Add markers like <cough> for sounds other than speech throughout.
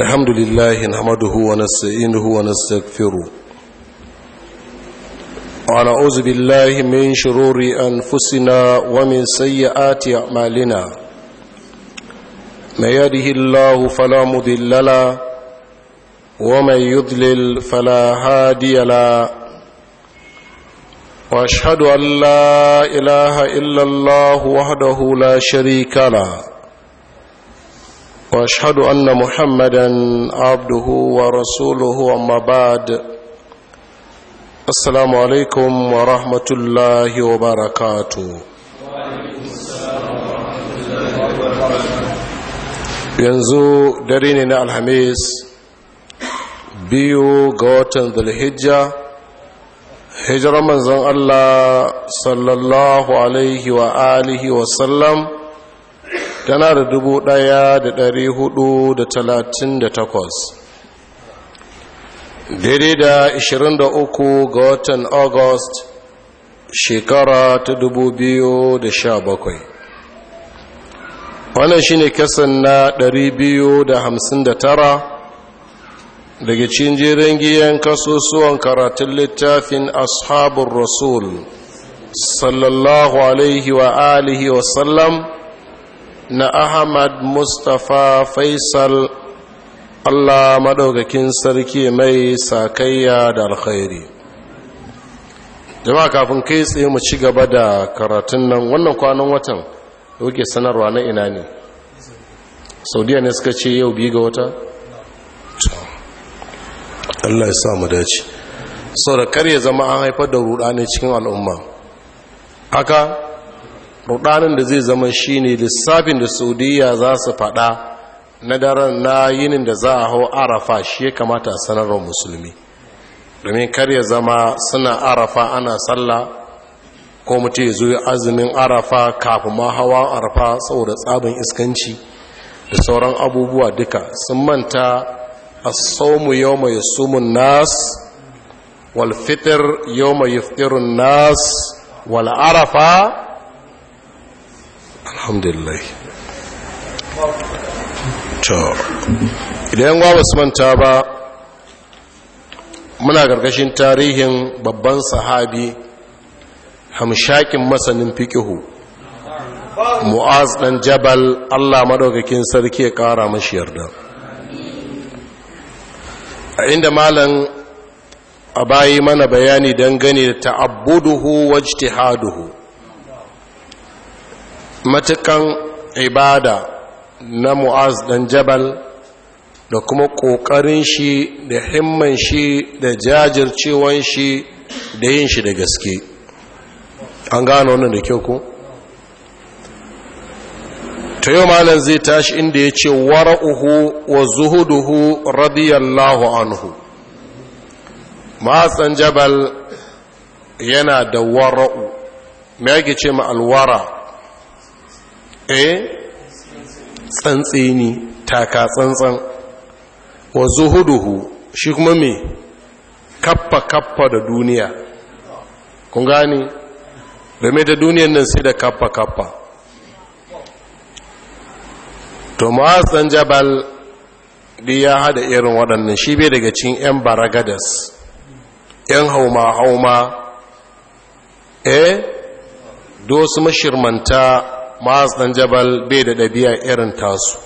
الحمد لله نحمده ونستعينه ونستغفره ونعوذ بالله من شرور أنفسنا ومن سيئات أعمالنا من يده الله فلا مضل له ومن يضلل فلا هادي له واشهد ان لا اله الا الله وحده لا شريك له واشهد ان محمدا عبده ورسوله اما بعد السلام عليكم ورحمه الله وبركاته yanzu dare ne na alhamis biyu ga watan zulhijja hijirar manzon allah sallallahu alaihi wa alihi wasallam tana da dubu ɗaya da dari hudu da talatin da takwas daidai da ishirin da uku ga watan august shekara ta dubu biyu da sha bakwai. wannan shine kasan na dari biyu da da hamsin tara daga cikin jerin giyan kasusuwan karatun littafin ashabun rasul sallallahu alaihi wa alihi wasallam na ahmad mustapha faisal allah maɗaukakin sarki mai sakayya da alkhairi jama'a kafin kai tsaye mu ci gaba da karatun nan wannan kwanan watan da kuke sanarwa na ina ne saudiya ne suka ce yau biyu ga wata? allah ya sa dace sau da kar ya zama an haifar da rudani cikin al'umma haka rudanin da zai zama shi ne lissafin da saudiya za su fada na daren na yinin da za a hau arafa shi ya kamata a sanarwar musulmi domin kar ya zama suna arafa ana sallah ko mutu ya zo azumin arafa kafin ma hawa arafa saboda tsabin iskanci da sauran abubuwa duka sun manta a saumu yau mai sumun nas walfitar yau mai yuftirun nas arafa. alhamdulillah to idan ba su manta ba muna gargashin tarihin babban sahabi hamshakin masanin fikihu mu'az dan jabal allah maɗaukakin sarki ya kara mashi yarda a inda malam a bayi mana bayani dangane da ta'abbuduhu wajtihaduhu matukan ibada na mu'az dan jabal da kuma ƙoƙarin shi da himman shi da jajircewan shi da yin shi da gaske an gano wannan da kyau ko ta yau malam zai tashi inda ya ce wara'uhu wa zuhuduhu radiyallahu anhu dan jabal yana da wara'u me yake ce ma alwara eh tsantseni taka tsantsan wa zuhuduhu shi kuma me kappa kappa da duniya kun gani game da duniyan nan sai da kappa kappa to ma'asan jabal da ya hada irin waɗannan shi bai daga cin 'yan baragadas 'yan hauma-hauma eh dosu mashirmanta ma'az jabal bai da ɗabi'a irin tasu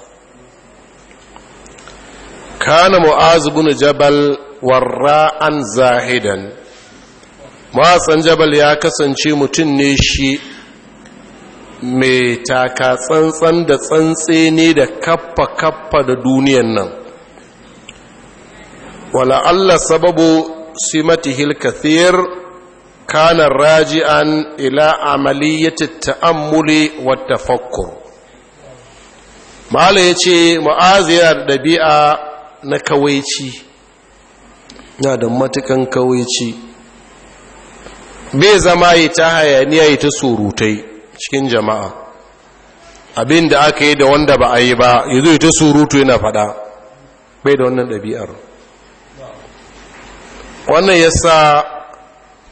kana mu'az bin jabal warra'an zahidan ma'az dan jabal ya kasance mutum ne shi mai taka tsantsan da tsantse ne da kaffa kaffa da duniyan nan wala Allah sababu simatihil kathir kana raji'an ila amaliyyati ta'ammuli wa tafakkur mala yace mu'az yana da dabi'a na kawaici na da matukan kawaici bai zama yi ta hayaniya yi ta surutai cikin jama'a abin da aka yi da wanda ba a yi ba yanzu yi ta surutu yana faɗa. bai da wannan ɗabi'ar wannan yasa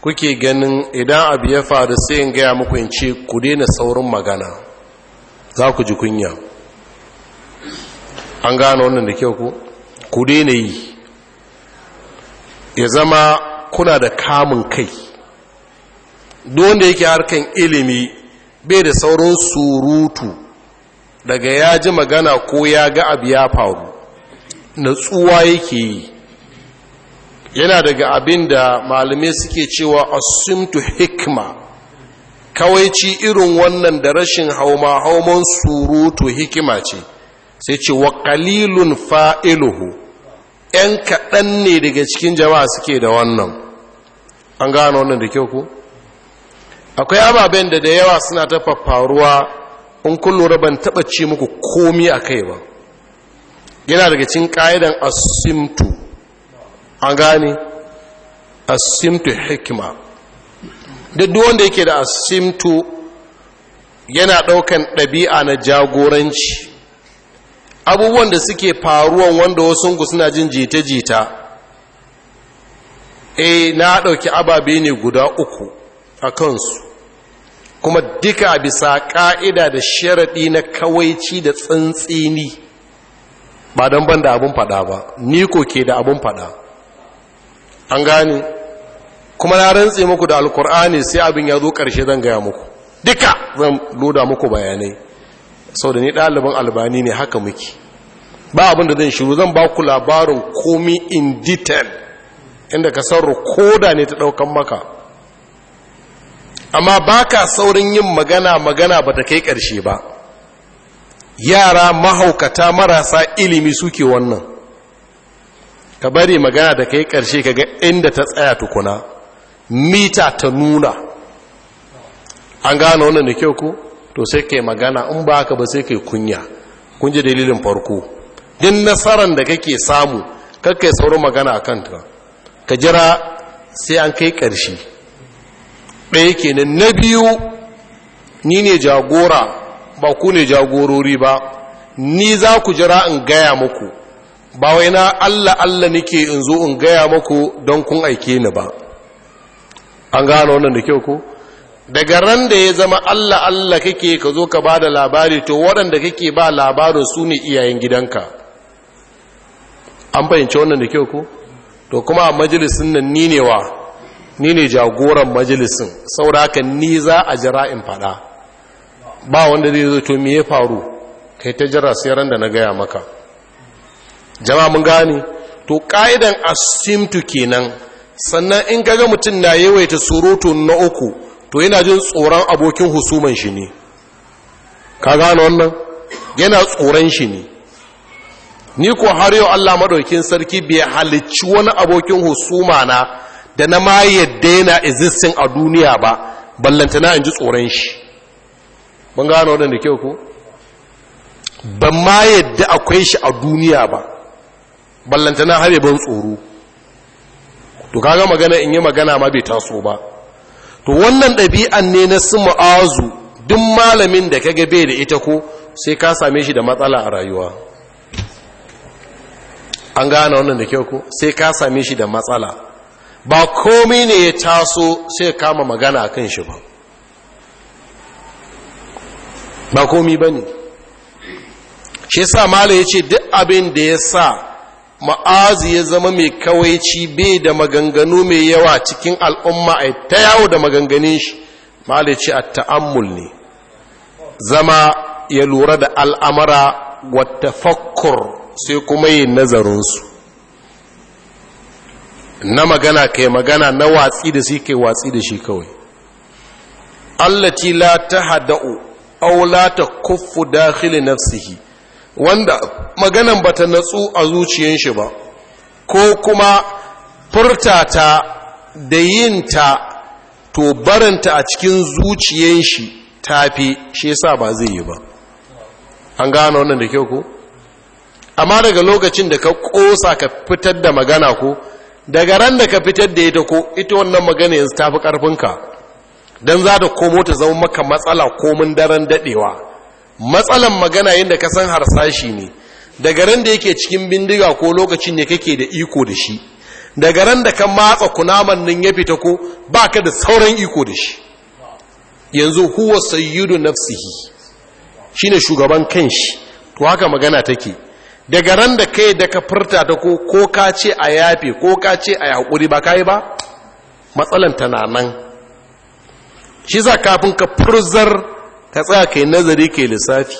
kuke ganin idan abu ya faru sai in gaya muku in ce ku daina saurin magana za ku ji kunya an gane wannan da kyau ku ku daina yi ya zama kuna da kamun kai da yake harkan ilimi bai da saurin surutu daga ya ji magana ko ya ga abu ya faru natsuwa yake yi yana daga abin da malamai suke cewa asimtu hikma kawaici irin wannan da rashin hauma hauman surutu hikima ce sai ce wa kalilun fa'iluhu ‘yan kaɗan ne daga cikin jama'a suke da wannan an gano wannan da kyau ku? akwai ababen da da yawa suna ta faruwa in kun ban taɓa ce muku komi a kai ba yana daga cikin ƙa'idan asimtu an gane asimtu hikima duk wanda yake da asimtu yana ɗaukan ɗabi'a na jagoranci abubuwan da suke faruwan wanda wasu suna jin jita-jita e na ɗauki ababe ne guda uku a kansu kuma duka bisa ƙa'ida da sharaɗi na kawaici da tsantsini ba don ban da abin faɗa ba ni ko ke da abin faɗa an gane kuma na rantse muku da alkur'ani sai abin ya zo ƙarshe zan gaya muku duka zan loda muku bayanai sau da ni ɗaliban albani ne haka muke ba abin da zan shiru zan ba ku labarin komi in detail inda ka san da ne ta ɗaukan maka amma ba ka saurin yin magana magana ba ta kai ƙarshe ba yara mahaukata marasa ilimi suke wannan ka bari magana da kai karshe ka ga inda ta tsaya tukuna mita ta nuna an gano wannan da kyau ko to sai kai magana in ba ka ba sai kai kunya kun ji dalilin farko din nasaran da kake samu kakkai sauran magana a kanta ka jira sai an kai ƙarshe ɗaya kenan na biyu ni ne jagora ba ku ne jagorori ba ni za ku jira in gaya muku ba wai na Allah Allah nake in zo in gaya maku don kun aike ni ba an gano wannan da kyau ko daga ran da ya zama Allah Allah kake ka zo ka bada labari to waɗanda kake ba labarin su ne iyayen gidanka an fahimci wannan da kyau ko to kuma a majalisin nan ni ne wa ni ne jagoran majalisin Sau haka ni za a jira in faɗa ba wanda zai zo to me ya faru kai ta jira sai ran da na gaya maka Jama mun gane to ka'idan asimtu kenan sannan in kaga mutum na yawaita surutu na uku to yana jin tsoron abokin husuman shi ne ka gane wannan yana tsoron shi ne ni ko har yau Allah madaukin sarki bai halicci wani abokin husuma na da na ma yadda yana existing a duniya ba ballantana in ji tsoron shi mun gane wannan da kyau ko ban ma yadda akwai shi a duniya ba ballantana habe ban tsoro to kaga magana in yi magana ma bai taso ba to wannan ɗabi'an ne na su mu'azu duk malamin da kaga bai da ita ko sai ka same shi da matsala a rayuwa an gane wannan da kyau ko sai ka same shi da matsala ba komai ne ya taso sai kama magana a kan shi ba ba komai ba ne shi sa malam ya ce duk abin da ya sa ma'azu ya zama mai kawaici bai da maganganu mai yawa cikin al'umma a ta yawo da maganganin shi malice a ta'ammul ne zama ya lura da al'amara wata fakkur sai kuma yi nazarinsu na magana kai magana na watsi da suke watsi da shi kawai allati la ta hada'u aulata ta kuffu dakhili nafsihi wanda maganan bata natsu a zuciyar shi ba ko kuma furtata da yinta to baranta a cikin zuciyar shi tafi shi sa ba zai yi ba an gano wannan da kyau ko amma daga lokacin da ka kosa ka fitar da magana ko daga ran da ka fitar da ita ko ita wannan magana yanzu ta fi karfinka don za da komo ta zama maka matsala komin daren dadewa matsalan magana yadda ka san harsashi ne daga ran da yake cikin bindiga ko lokacin da kake da iko da shi daga ran da ka matsa kunaman nan ya fita ko baka da sauran iko da shi yanzu huwa sayyidu nafsihi shine shugaban kanshi to haka magana take daga ran da kai da ka furta ta ko ko ka ce a yafe ko ka ce a hakuri ba kai ba matsalan na nan shi za kafin ka furzar ka tsaya ka yi nazari ka yi lissafi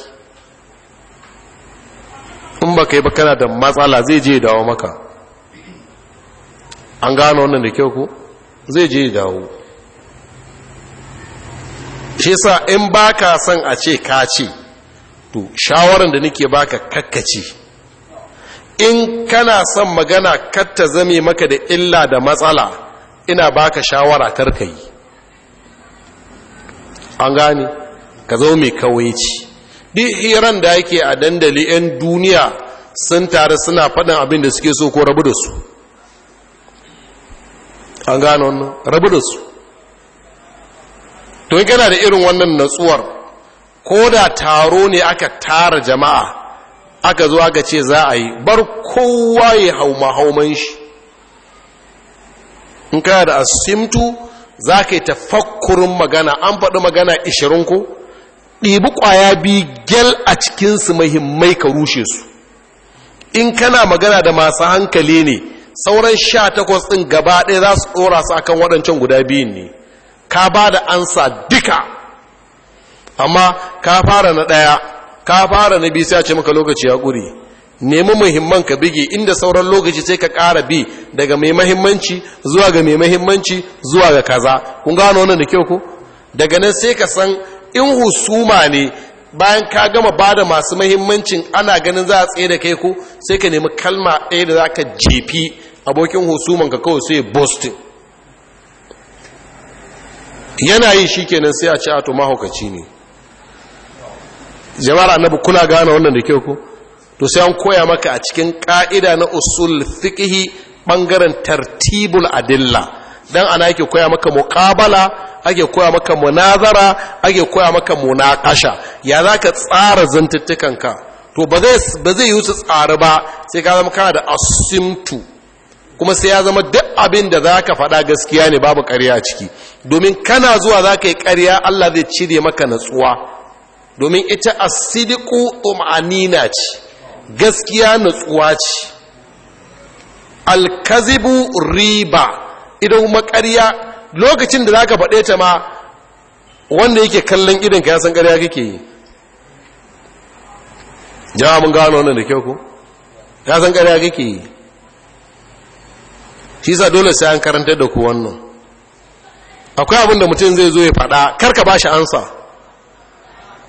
in ba ka yi ba kana da matsala zai je dawo maka an gano wannan da kyau ku zai je dawo shi sa in ba ka son a ce ka ce to shawarar da nake baka kakkace in kana son magana katta zame maka da illa da matsala ina baka shawara karkai an gane ka zo mai kawaici duk iran da yake a dandali 'yan duniya sun tare suna faɗin abin da suke so ko rabu da su an gano wannan rabu da su to kana da irin wannan natsuwar ko da taro ne aka tara jama'a aka zo aka ce za a yi bar kowa ya hauma hauman shi in kana da asimtu za ka yi tafakkurin magana an faɗi magana ishirin ko ɗibi ƙwaya biyu gyal a cikinsu mahimmai ka rushe su in kana magana da masu hankali ne sauran sha takwas ɗin gaba ɗaya za su ɗora su akan waɗancan guda biyun ne ka ba da ansa duka amma ka fara na ɗaya ka fara na biyu sai a ce maka lokaci ya ƙuri nemi muhimman ka bige inda sauran lokaci sai ka ƙara bi daga mai mahimmanci zuwa ga mai mahimmanci zuwa ga kaza kun gano wannan da kyau ku daga nan sai ka san in husuma ne bayan ka gama ba da masu mahimmancin ana ganin za a tsaye da kai ko sai ka nemi kalma ɗaya da za ka jefi abokin husuman ka kawai sai boston yana yi shi kenan sai a ci ato mahaukaci ne jama'ar annabi kuna gane wannan da kyau ko to sai an koya maka a cikin ka'ida na usul fiqhi ɓangaren tartibul adilla dan ana ake koya maka muqabala ake koya maka munazara ake koya maka munakasha. ya zaka tsara ka? to ba zai ba zai yi su tsara ba sai ka zama kana da asimtu kuma sai ya zama duk abin da zaka faɗa gaskiya ne babu ƙarya a ciki domin kana zuwa zaka yi ƙarya Allah zai cire maka natsuwa domin ita asidiku um'anina ce gaskiya natsuwa ce alkazibu riba idan kuma lokacin da zaka faɗe ta ma wanda yake kallon idan ka ya san ƙarya kake yi jama'a mun gano wannan da kyau ko ya san ƙarya kake yi shi sa dole sai an karanta da ku wannan akwai abin da mutum zai zo ya faɗa karka ba shi ansa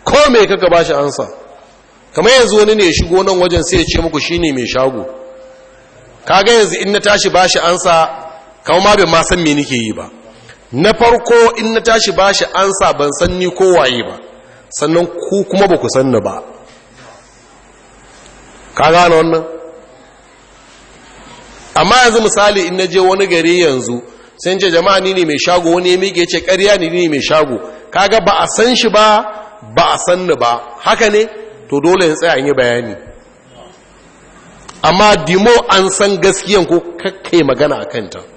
ko mai karka ba shi ansa kamar yanzu wani ne ya shigo nan wajen sai ya ce muku shi ne mai shago kaga yanzu in na tashi ba shi ansa kawo ma bai ma me nike yi ba na farko in na tashi bashi sa ban san ni kowaye ba sannan ku kuma ba ku san ba ka gane wannan amma yanzu misali in na je wani gari yanzu sai je jama'a ni ne mai shago wani ya miƙe ce ƙarya ni ne mai shago kaga ba a san shi ba ba a san ba haka ne to dole in tsaya in yi bayani amma dimo an san gaskiyan ko kakkai magana a kanta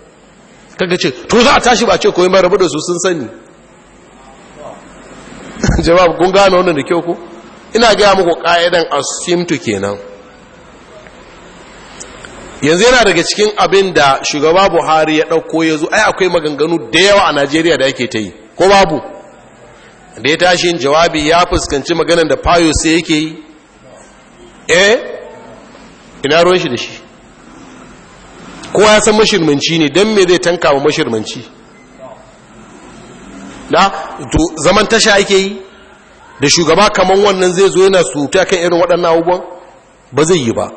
kaga ce to za a tashi ba ce koyi mara rabu da su sun sani <laughs> jawab kun gane wannan da kyau ko ina gaya muku ka'idan asimtu kenan yanzu yana daga cikin abin da shugaba buhari ya ɗauko ya zo ai akwai maganganu da yawa a najeriya da ake ta yi ko babu da ya tashi jawabi ya fuskanci maganan da fayo sai yake yi eh ina ruwan shi da shi kowa ya san mashirmanci ne don me zai tanka wa mashirmanci na zaman tasha ake yi da shugaba kamar wannan zai zo yana suta kan irin waɗannan abubuwan ba zai yi ba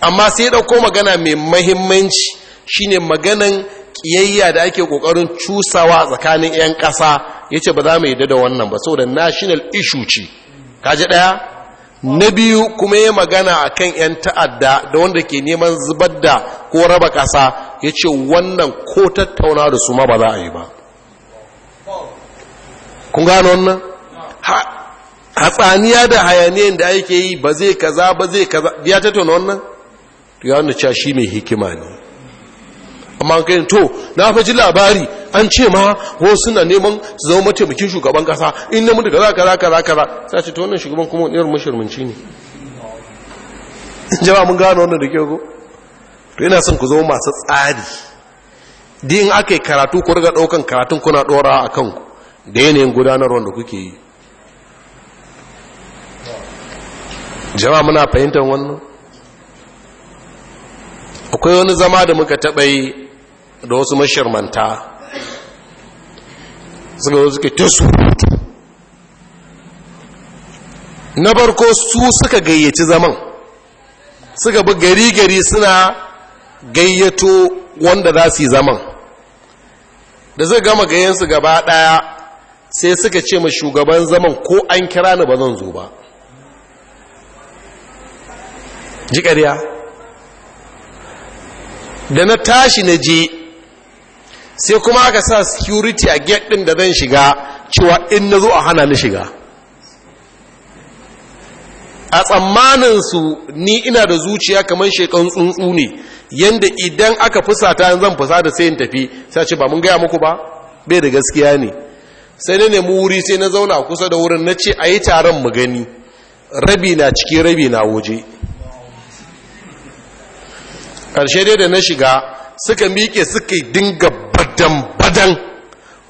amma sai ɗauko magana mai mahimmanci shine maganan ƙiyayya da ake ƙoƙarin cusawa tsakanin 'yan ƙasa ya ce ba za mu yi da wannan ba saboda national issue ce kaji ɗaya na biyu kuma ya magana a kan 'yan ta'adda da wanda ke neman zubar da ko raba ƙasa ya ce wannan ko tattauna da su ma ba za a yi ba kun gano wannan hatsaniya da hayaniyan da ake yi ba zai kaza ba zai kaza ya tattauna wannan ya wanda cewa shi mai hikima ne amma kai to na faji labari an ce ma ko suna neman su zama mataimakin shugaban kasa in na mutu kaza kaza kaza kaza ta ce to wannan shugaban kuma wani irin mashirminci ne <laughs> jama'a mun gano wannan da ke ko to ina son ku zama masu tsari yin aka yi karatu ku riga daukan karatun kuna dora a kanku da yanayin gudanarwar da kuke yi jama'a muna fahimtar wannan akwai wani zama da muka taɓa yi da wasu mashirmanta suka zo suka ta surutu na farko su suka gayyaci zaman suka bi gari-gari suna gayyato wanda za su yi zaman da zai gama gayyansu gaba ɗaya sai suka ce ma shugaban zaman ko an kira ni ba zan zo ba ji ƙarya da na tashi na je sai kuma aka sa security a gate din da zan shiga cewa in na zo a hana ni shiga a tsammanin su ni ina da zuciya kamar shekan tsuntsu ne yadda idan aka fusata zan fusa sai in tafi sai ce ba mun gaya muku ba bai da gaskiya ne sai na nemi wuri sai na zauna kusa da wurin na ce a yi taron mu gani rabi na ciki rabi na waje ƙarshe dai da na shiga suka miƙe suka dinga badan-badan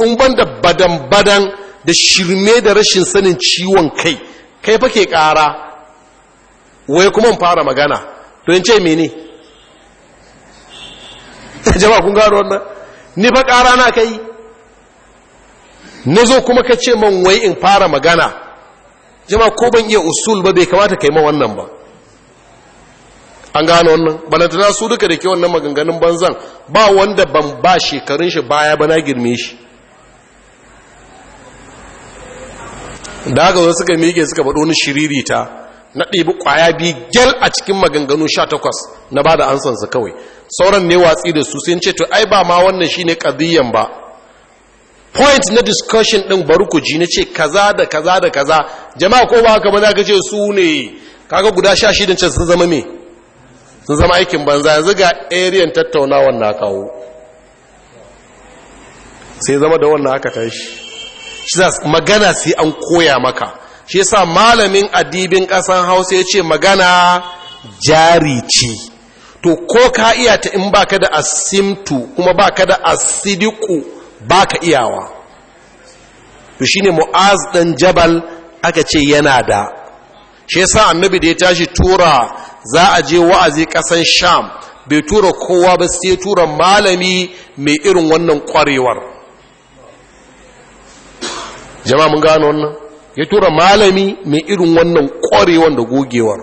in banda badan-badan da shirme da rashin sanin ciwon kai kai fa ke ƙara wai kuma fara magana to in ce mene <laughs> jama'a kun gano wannan ni fa ƙara na kai na zo kuma ka ce man wai in fara magana jama ko ban iya usul ba bai kamata kai ma wannan ba an gano wannan balantana su duka da ke wannan maganganun banzan ba wanda ban ba shekarun shi baya bana girme shi da haka wasu suka mike suka faɗo ni shiririta na ɗebi ƙwaya biyu gyal a cikin maganganu sha takwas na ba da ansansa kawai sauran ne watsi da su sun ce to ai ba ma wannan shi ne ƙadiyyan ba point na discussion ɗin bari ku ji na ce kaza da kaza da kaza jama'a ko ba haka ba za ka ce su ne kaga guda sha shidan can sun zama mai sun zama aikin banza yanzu ga ariyan tattaunawan na kawo sai zama da wannan aka tashi shi za magana sai an koya maka shi sa malamin adibin ƙasan hausa ya ce magana jari ce to ko ka iya ta in baka da asimtu kuma baka da asidiku baka iyawa to shine mu'az dan jabal aka ce yana da shi yasa annabi da ya tashi tura za a je wa'azi ƙasan sham bai tura kowa ba sai tura malami mai irin wannan ƙwarewar jama'a mun gano wannan ya tura malami mai irin wannan ƙwarewar da gogewar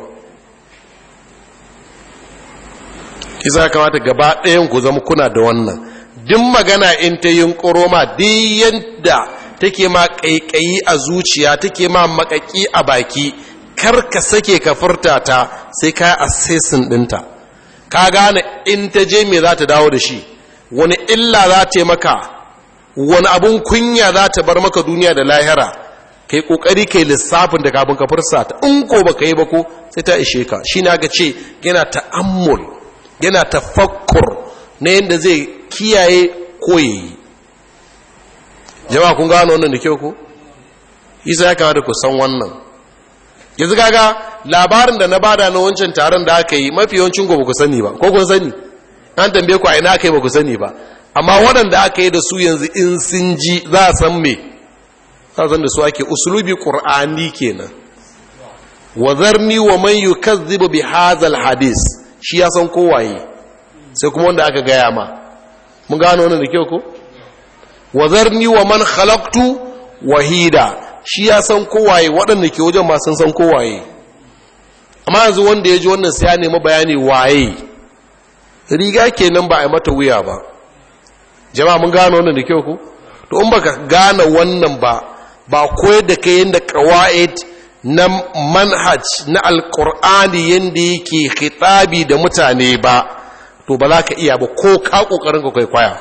isa kamata gaba ɗayan ku zama kuna da wannan din magana in ta yin ƙoroma duk yadda take ma ƙaiƙayi a zuciya take ma makaƙi a baki kar ka sake ka furta ta sai ka assessin ɗinta ka gane in ta je me za ta dawo da shi wani illa za ta maka wani abun kunya za ta bar maka duniya da lahira kai kokari kai lissafin da kafin ka furta ta in ko baka yi ba ko sai ta ishe ka shi na ga ce yana ta'ammul yana tafakkur na yadda zai kiyaye koyi jama'a kun gano wannan da kyau ko isa ya kama da ku san wannan yanzu kaga labarin da na bada na wancan taron da aka yi mafi yawancin ku ku sani ba ko kun sani an tambaye ku a ina aka yi ba ku sani ba amma waɗanda aka yi da su yanzu in sun ji za a san me za a san da su ake usulubi qur'ani kenan wa zarni wa man yukazzibu bi hadhal hadis shi ya san ko waye sai kuma wanda aka gaya ma mun gano wannan da kyau ko wa zarni wa man khalaqtu wahida shi ya san kowaye waɗanda ke wajen masu san kowaye amma yanzu wanda ya ji wannan sai ya nemi bayani waye riga kenan ba a yi mata wuya ba jama'a mun gano wannan da kyau ku to in baka gane wannan ba ba koyar da kai yadda qawaid na manhaj na alqur'ani yanda yake khitabi da mutane ba to ba za ka iya ba ko ka kokarin ka kwaikwaya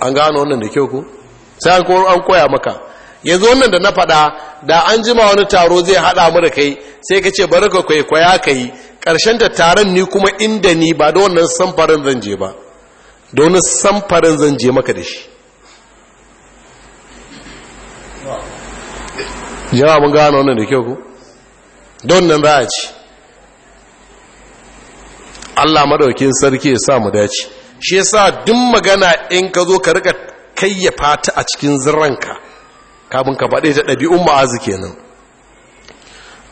an gano wannan da kyau ku sai an koya maka yanzu wannan da na faɗa da an jima wani taro zai haɗa mu da kai sai ka ce bari ka kwaikwaya ka yi ƙarshen da taron ni kuma inda ni ba da wannan samfarin zan je ba da wani samfarin zan je maka da shi jama mun gano wannan da kyau ku don nan za a ci Allah madaukin sarki ya sa mu dace shi ya sa duk magana in ka zo ka rika kayyafa ta a cikin zirranka kafin ka faɗe ta ɗabi'un mu'azu kenan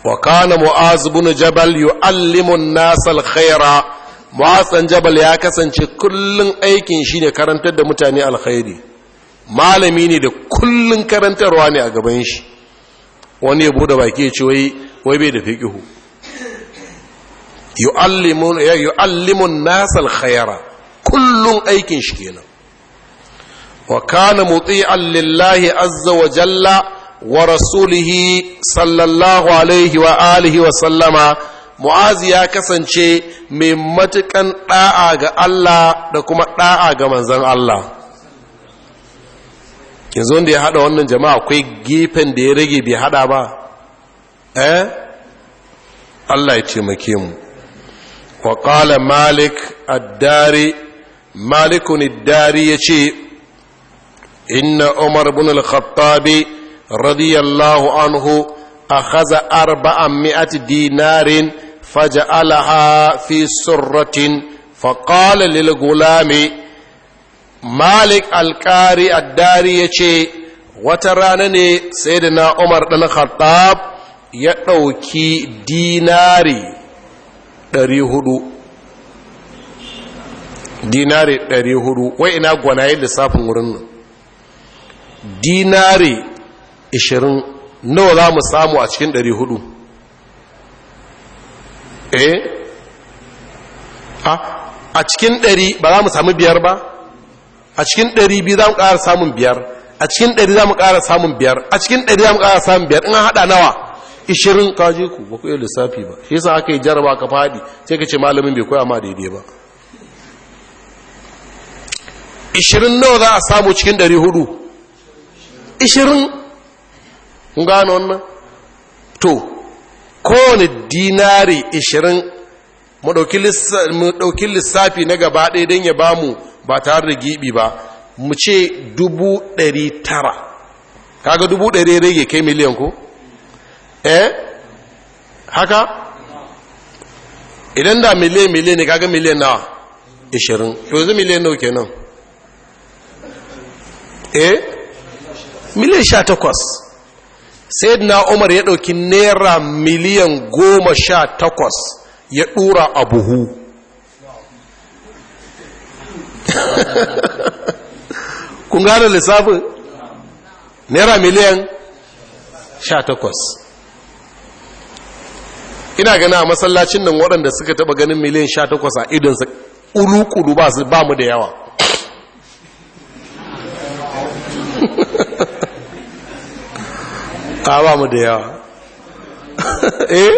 wa kana mu'azu bin jabal yu'allimu an khaira mu'azan jabal ya kasance kullun aikin shine karantar da mutane alkhairi malami ne da kullun karantarwa ne a gaban shi wani ya bude baki ya ce wai bai da fiqhu yu'allimu yu'allimu an nasal khaira kullun aikin shi kenan wa kana muti'an lillahi azza wa jalla wa rasulihi sallallahu alaihi wa alihi wa sallama mu'azi ya kasance mai matukan da'a ga Allah da kuma da'a ga manzon Allah yanzu wanda ya hada wannan jama'a akwai gefen da ya rage bai hada ba eh Allah ya taimake mu wa qala malik ad-dari malikun ad-dari yace إن عمر بن الخطاب رضي الله عنه أخذ أربعمائة دينار فجعلها في سرة فقال للغلام مالك القاري الداري يشي وترانني سيدنا عمر بن الخطاب يأوكي ديناري ɗari hudu dinari ɗari hudu wai ina gwanaye lissafin wurin nan dinare 20 nawa za mu samu a cikin 400 eh a cikin 100 ba za mu samu biyar ba a cikin 200 za mu ƙara samun biyar a cikin 100 za mu ƙara samun biyar a cikin 100 za mu ƙara samun biyar in haɗa nawa 20 kaje ku ba ku yi lissafi ba shi yasa aka yi jaraba ka faɗi sai ka ce malamin bai koya ma daidai ba 20 nawa za a samu cikin ɗari ishirin gano wannan to kowane dinari ishirin mu ɗauki lissafi na gaba ɗaya don ya ba mu ba tare da giɓi ba mu ce dubu ɗari tara kaga dubu ɗari rage kai miliyan ko eh haka idan da miliyan miliyan ne kaga miliyan nawa ishirin yanzu miliyan nau kenan eh miliyan sha takwas na umar ya ɗauki naira miliyan goma sha takwas ya ɗura a buhu <laughs> kun gane lissafin naira miliyan sha takwas ina gana a masallacin nan waɗanda suka taɓa ganin miliyan sha takwas a idonsa ulu-ulu ba mu da yawa a mu da yawa <laughs> eh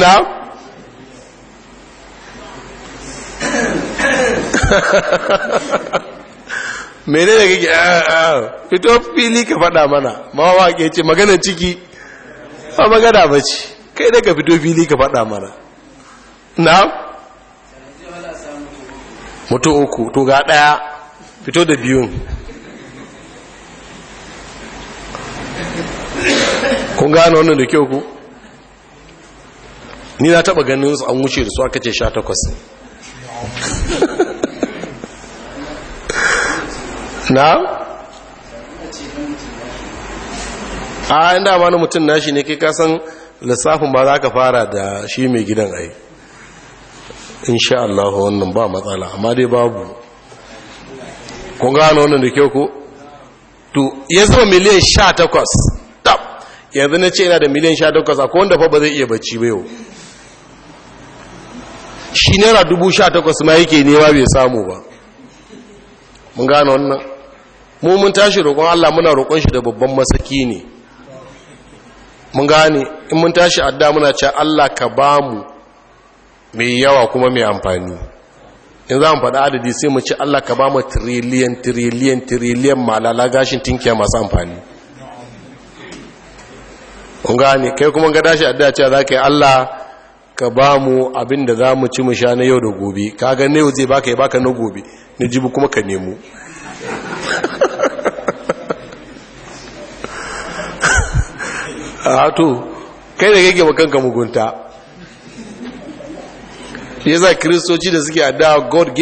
na <laughs> mene ne kake eh, eh, fito fili ka faɗa mana mawa ke ce magana ciki ba magana ba ce kai da ka fito fili ka faɗa mana na mutu uku to ga ɗaya fito da biyun kun gane wannan da kyau ku ni na taba ganin su an wuce da su aka ce sha takwas <laughs> na a yin ma na mutum nashi ne kai kasan lissafin ba za ka fara da shi mai gidan ai insha Allah wannan ba matsala amma dai babu kun gano wannan da kyau ku to ya zama miliyan sha takwas yanzu na ce yana da miliyan sha takwas akwai wanda fa ba zai iya bacci ba yau shi naira dubu sha takwas ma yake nema bai samu ba mun gane wannan mu mun tashi roƙon allah muna roƙon shi da babban masaki ne mun gane in mun tashi adda muna ce allah ka ba mu mai yawa kuma mai amfani in za mu faɗa adadi sai mu ce allah ka ba mu tiriliyan tiriliyan triliyan malala gashin tinkiya masu amfani kun gane kai kuma ga dashi addu'a cewa zaka yi Allah ka ba mu abin da za mu ci mu sha na yau da gobe ka ga na yau zai baka ya baka na gobe na jibi kuma ka nemo <laughs> a to kai da kake makanka mugunta Yasa za kiristoci da suke addu'a god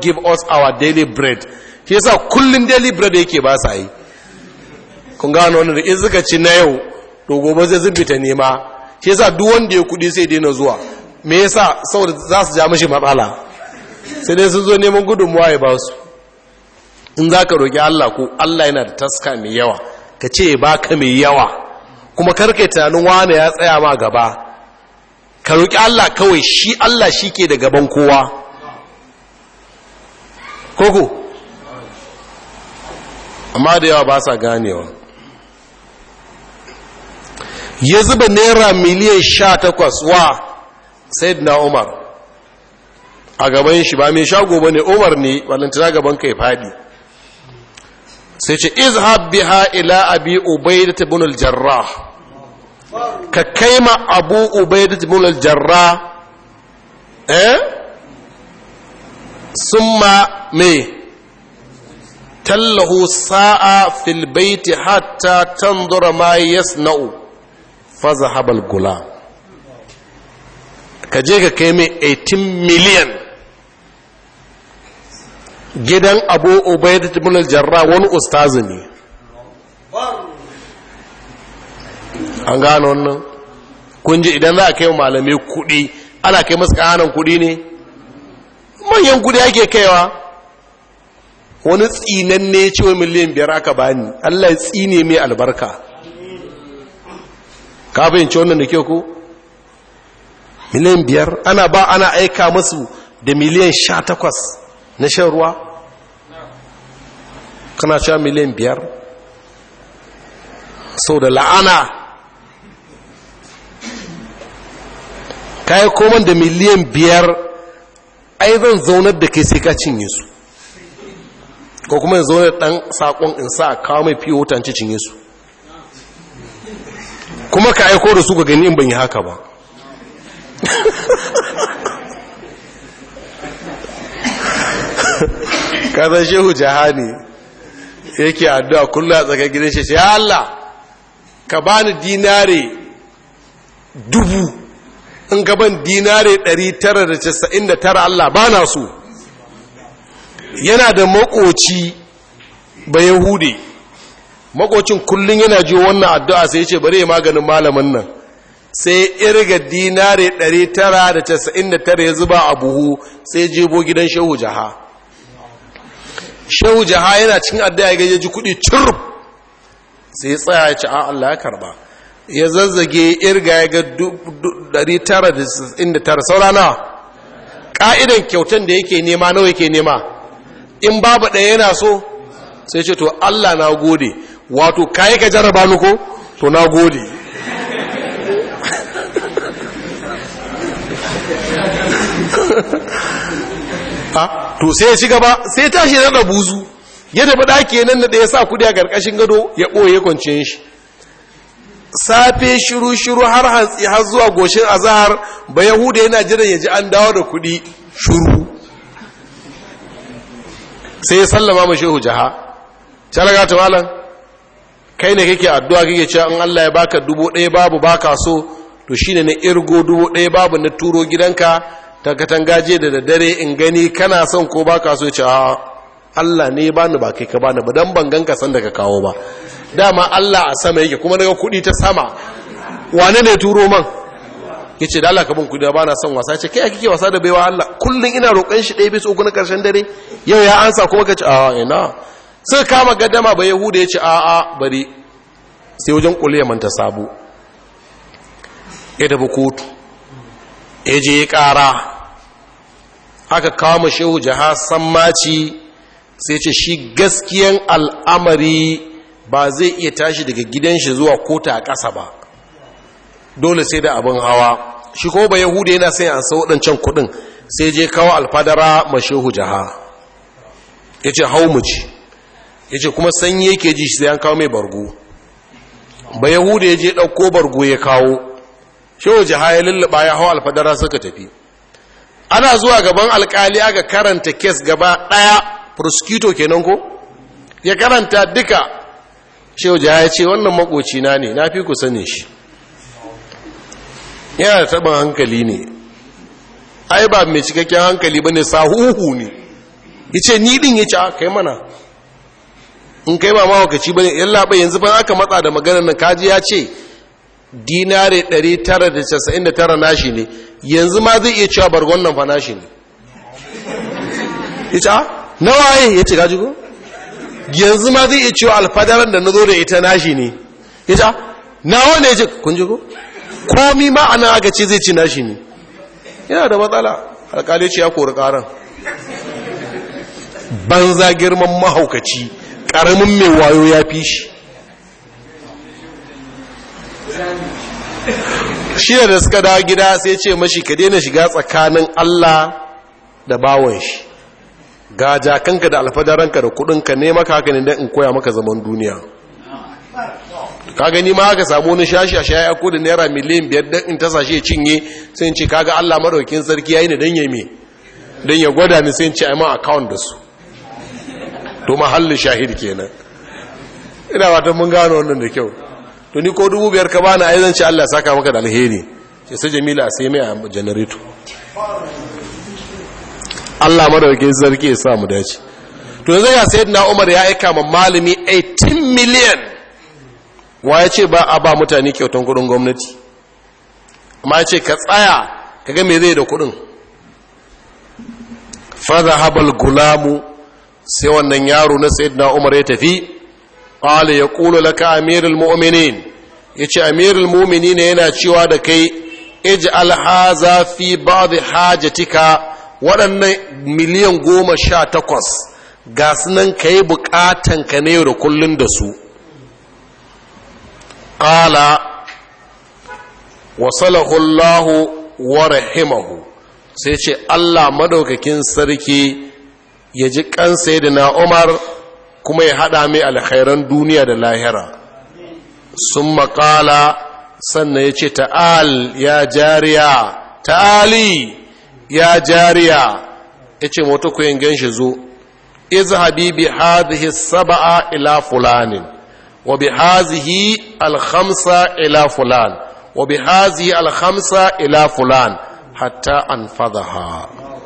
give us our daily bread shi yasa kullum daily bread yake ba sa yi kun gano wani da in suka ci na yau to gobe zai zumbi ta nema shi yasa duk wanda ya kudi sai daina zuwa me yasa saboda za su ja mishi matsala sai dai sun zo neman gudunmuwa ya ba su in za ka roƙi Allah ko Allah yana da taska mai yawa ka ce ba ka mai yawa kuma karka tunanin wane ya tsaya ma gaba ka roƙi Allah kawai shi Allah shi ke da gaban kowa koko amma da yawa ba sa ganewa ya zuba naira miliyan sha takwas wa said na umar a gaban shi ba mai shago ba ne umar ne na gaban kai fadi sai ce izhab biha ila abi ubaidat ibn al Ka ka ma abu ubaidat ibn al jarra? eh summa me tallahu sa'a fil baiti hatta tanzura ma yasna'u faza habal gula ka je ka kai mai 18 miliyan gidan abu da tibunar jarra wani ustazi ne an gano wannan kunji idan za a kai malamai kudi ana kai masu kanan kudi ne manyan kudi ake kaiwa wani tsinanne cewa miliyan biyar aka bani allah ya tsine mai albarka ka bayyance wannan da ke ku miliyan biyar ana ba ana aika masu da miliyan sha takwas na shan ruwa kana sha miliyan biyar so da la'ana ka yi koman da miliyan biyar ai zan zaunar da kai sai ka cinye su ko kuma zaunar ɗan saƙon in sa kawo mai fiye wutan cinye su kuma ka aiko da su ga gani in ban yi haka ba <laughs> kazan shehu jahani yake addu'a kullum a tsakar gidan shi ya Allah ka bani dinare dubu in gaban dinare 999 Allah ba na so yana da makoci ba hude. makocin kullum yana ji wannan addu'a sai ce bari maganin malamin nan sai irga dinare 999 ya zuba a buhu sai jebo gidan shehu jaha shehu jaha yana cin addu'a ya ji kudi cirruf sai ya tsaya ya ci a Allah ya karba ya zazzage irga ya ga 999 saurana ka'idan kyautan da yake nema nawa yake nema in babu ɗaya yana so sai ce to Allah na gode wato kayi ka jarraba ni ko to na gode <laughs> ah, to sai ya shiga gaba sai tashi na buzu ya tafi ɗaki nan da ya sa kudi a ƙarƙashin gado ya ɓoye kwance shi safe shiru-shiru har hantsi har zuwa goshin azahar ba yahuda yana jiran ya ji an dawo da kudi shuru sai ya sallama mashi shehu jaha ta raga kai ne kake addu'a kake cewa in Allah ya baka dubu ɗaya babu baka so to shine na irgo dubu ɗaya babu na turo gidanka ta katangaje da daddare in gani kana son ko baka so ce Allah ne bani ba kai ka bani ba dan ban ganka san daga ka kawo ba dama Allah a sama yake kuma daga kuɗi ta sama wane ne turo man yace da Allah ka bin kuɗi ba na son wasa ce kai kike wasa da baiwa Allah kullun ina roƙon shi ɗaya bisa uku na ƙarshen dare yau ya ansa kuma ka ce a ina Sai kama gadama ba yahuda ya ce a'a bari sai wajen kuliya manta sabo ya tafi kotu ya je ya kara aka kama shehu jaha sammaci sai ce shi gaskiyan al'amari ba zai iya tashi daga gidan shi zuwa kota a ƙasa ba dole sai da abin hawa shi ko ba yahuda yana sai an sau waɗancan kuɗin sai je kawo alfadara ma shehu jaha ya ce hau mu ci ya ce kuma sanyi yake ji shi sai an kawo mai bargo ba yahuda ya je ɗauko bargo ya kawo shi jiha ya lullaba ya hau alfadara suka tafi ana zuwa gaban alkali aka karanta kes gaba ɗaya prosecutor kenan ko ya karanta duka shi ya ce wannan na ne na fi ku sani shi yana da taɓin hankali ne ai ba mai cikakken hankali ba ne sahuhu ne ya ce ni ɗin ya ce kai mana in kai ba mawakaci ba ne? bai yanzu ba aka matsa da maganar nan kaji ya ce dinare 999 nashi ne yanzu ma zai iya cewa bargon nan fa nashi ne ita ah, nawa yayi ya ce gajigo yanzu ma zai iya cewa alfadaran da na zo da ita nashi ne ita ah, nawa ne yace kun ji komi ma anan aka ce zai ci nashi ne yana da matsala alkali ce ya kori karan banza girman mahaukaci ƙaramin mai wayo ya fi shi shi da suka dawo gida sai ce mashi ka daina shiga tsakanin Allah da bawon shi ga jakanka da alfadaranka da kudinka ne maka haka ne don in koya maka zaman duniya ka ni ma haka samu wani shashi a shayi ako da naira miliyan biyar don in tasa shi cinye sai in ce kaga Allah maraukin sarki ya yi ne don ya don ya gwada ni sai in ce a ma account da su to mahalli shahid kenan ina wata mun gano wannan da kyau to ni ko dubu biyar ka bani ai zan ci Allah saka maka da alheri sai sai Jamila a sai mai a generator Allah madaukakin sarki ya sa mu dace to yanzu ga na Umar ya aika ma malami 18 million wa ya ce ba a ba mutane kyautan kudin gwamnati amma yace ka tsaya ka ga me zai da kudin fa habal gulamu sai wannan yaro na sayyidina umar ya tafi qala yaqulu laka amirul mu'minin yace amirul mu'minin yana cewa da kai ij'al haza fi ba'd hajatika waɗannan miliyan goma sha takwas ga sunan ka yi buƙatanka na yau da kullun da su ƙala Allahu wa rahimahu sai ce allah maɗaukakin sarki ya ji kansa da na umar kuma ya haɗa mai alkhairan duniya da lahira sun makala sannan ya ce ta'al ya jariya ta'ali ya jariya ya ce mota gan ganshi zo iz habibi hadhihi saba'a ila fulanin wa bi hadhihi alkhamsa ila fulan wa bi hadhihi alkhamsa ila fulan hatta an ha.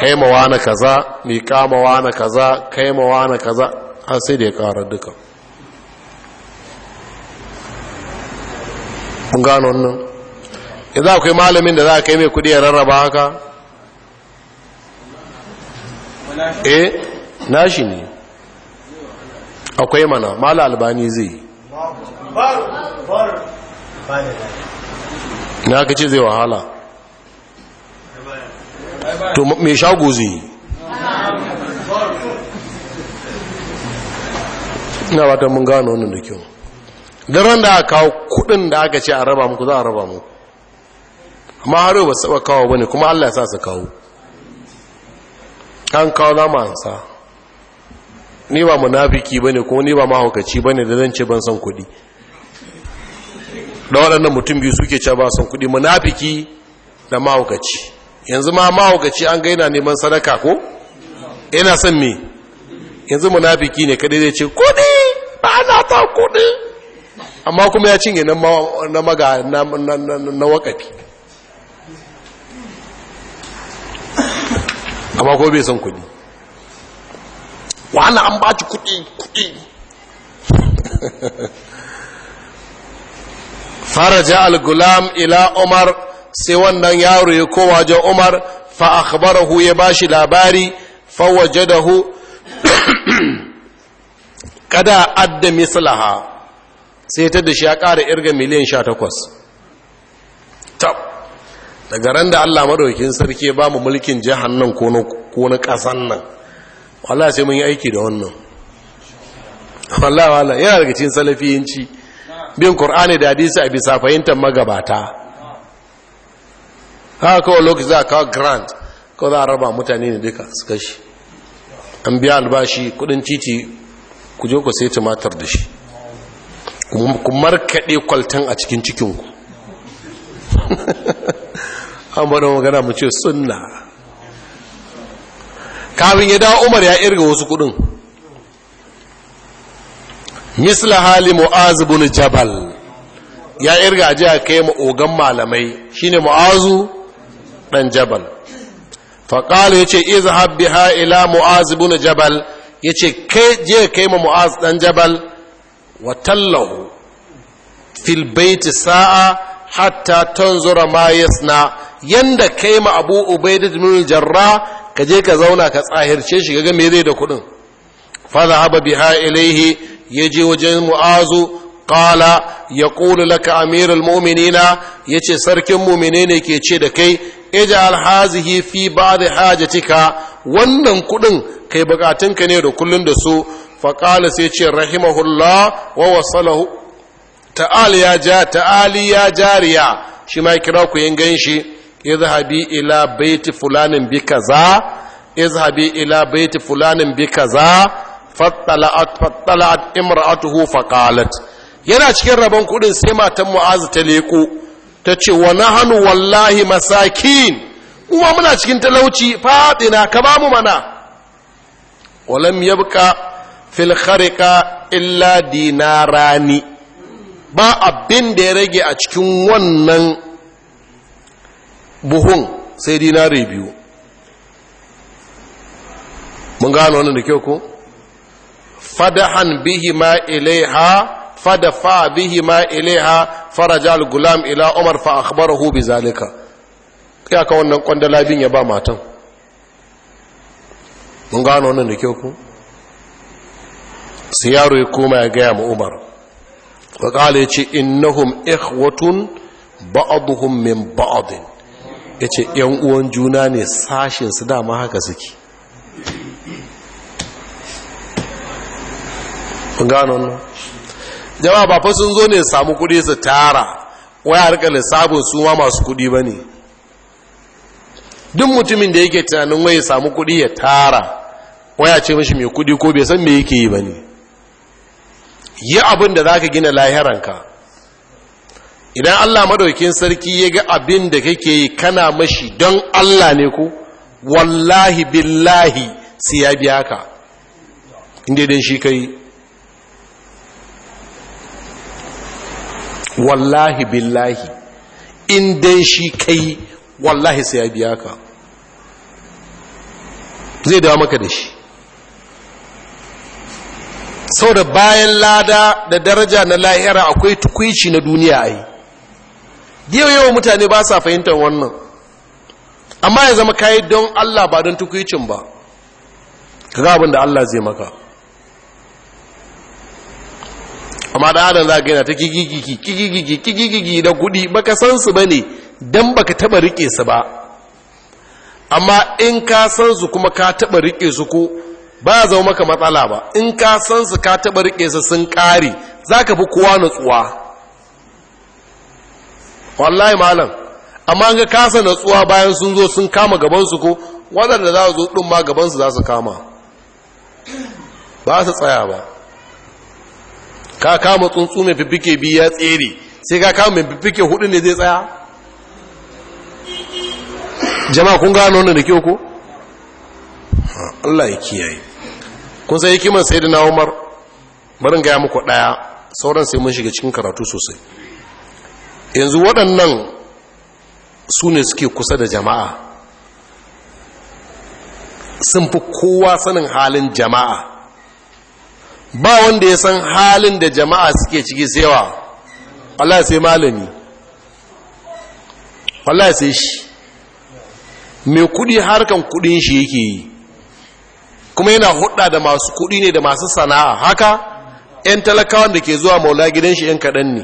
kai mawa kaza miƙa kama kaza kai mawa kaza har sai da ya ƙara duka mun gano wannan yanzu akwai malamin da za a kai mai kudi ya rarraba haka eh nashi ne akwai mana mala albani zai na ka ce zai wahala to mai shago zai yi ina wata mun gano wannan da kyau don ran da aka kawo kudin da aka ce a raba muku za a raba muku amma haro yau ba saba kawo ba ne kuma allah sa su kawo an kawo za mu ansa ni ba munafiki ba ne kuma ni ba mahaukaci ba ne da zan ce ban san kudi da waɗannan mutum biyu suke ce ba san kudi munafiki da mahaukaci yanzu ma mahaukaci an ga yana neman sadaka ko yana son me yanzu munafiki ne kadai zai ce kudi ba ana ta kudi amma kuma ya cinye na maga na wakafi amma ko bai son kudi wani an ba ci kudi kudi <laughs> faraja al-gulam ila umar sai wannan yaro ya kowa jan umar fa akhbarahu ya ba shi labari fa wajadahu <coughs> kada adda mislaha sai ta da shi ya ƙara irga miliyan sha takwas tab daga ran da allah maɗaukin sarki ba mu mulkin jihar nan ko na ƙasan nan Wala sai mun yi aiki da wannan Wala wala yana daga cin salafiyanci bin ƙur'ani da hadisi a bisa fahimtar magabata haka kawai lokaci za a kawo grant kawai za a raba mutane ne duka su kashi an biya albashi kudin titi ku je ku sai tumatar da shi ku markaɗe kwaltan a cikin cikinku <laughs> an bada magana mu ce sunna kafin ya dawo umar ya irga wasu kudin misla hali mu'azu bin jabal ya irga ajiya a kai ma ogan malamai shine mu'azu ɗan jabal faƙalu ya ce iza habbi ha ila jabal ya ce kai je kai ma mu'az ɗan jabal wa tallahu fil baiti sa'a hatta tanzura ma yasna yanda kai ma abu ubaidat ibn jarra ka je ka zauna ka tsahirce shi ga me zai da kuɗin fa zahaba biha ilaihi ya je wajen mu'azu قال يقول لك أمير sarkin يتي سرك ke ce da kai? ij'al hazihi fi ba'd hajatika wannan kudin kai bukatunka ne da kullun da su fa qala sai ce rahimahullah wa wasalahu ta'ali ya ja ta'ali ya jariya shi ma kira ku yin ganshi izhabi ila baiti fulanin bi kaza izhabi ila baiti fulanin bi kaza fattala'at fattala'at imra'atuhu fa qalat yana cikin rabon kudin sai matan mu'azu ta leko ta ce wa na hannu wallahi masakin kuma muna cikin talauci faɗina ka ba mu mana walam yabka fil illa illa dinarani ba abin da ya rage a cikin wannan buhun sai dinare biyu mun gano wannan da kyau ko fadahan bihi ma ilaiha fadafa bihi ma ilaiha faraja gulam ila umar fa akhbarahu bi zalika ya ka wannan kwandalabin ya ba matan mun gano wannan da kyau ku sai yaro ya gaya ma umar wa kala ya ce innahum ikhwatun ba'aduhum min ba'adin ya ce yan uwan juna ne sashensu dama haka suke mun gano wannan jama'a ba fa sun zo ne samu kuɗi su tara waya rika lissafin su ma masu kuɗi ba ne duk mutumin da yake tunanin wai ya samu kuɗi ya tara waya ce mashi mai kuɗi ko bai san me yake yi ba ne yi abin da za ka gina lahiranka idan allah madaukin sarki ya ga abin da kake yi kana mashi don allah ne ku wallahi billahi sai ya biya ka inda idan shi ka yi wallahi billahi in dai shi kai wallahi sai ya biya ka zai dawo maka da shi sau da bayan lada da daraja na lahira akwai tukwici na duniya a yi yau yawan mutane ba sa fahimtar wannan amma ya zama kayi don allah ba don tukwicin ba ka ga abin da allah zai maka amma da adam za ka gina ta kikikiki da kudi baka san su bane dan baka taba rike su ba amma in ka san su kuma ka taba rike su ko ba zama maka matsala ba in ka san su ka taba rike su sun kare zaka fi kowa natsuwa wallahi malam amma ga kasa natsuwa bayan sun zo sun kama gabansu ko waɗanda za su zo ɗin ma gabansu za su kama ba su tsaya ba ka kama tsuntsu mai fiffike biyu ya tsere sai ka kama mai fiffike hudu ne zai tsaya jama'a kun gano wannan da kyau ko Allah ya kiyaye kun sai hikimar da Umar barin gaya muku daya sauran sai mun shiga cikin karatu sosai yanzu waɗannan su ne suke kusa da jama'a sun fi kowa sanin halin jama'a ba wanda ya san halin da jama'a suke ciki sewa Allah sai malami Allah sai shi mai kudi harkan kudin shi yake yi kuma yana hudda da masu kudi ne da masu sana'a haka 'yan talakawan da ke zuwa maula gidan shi 'yan kaɗan ne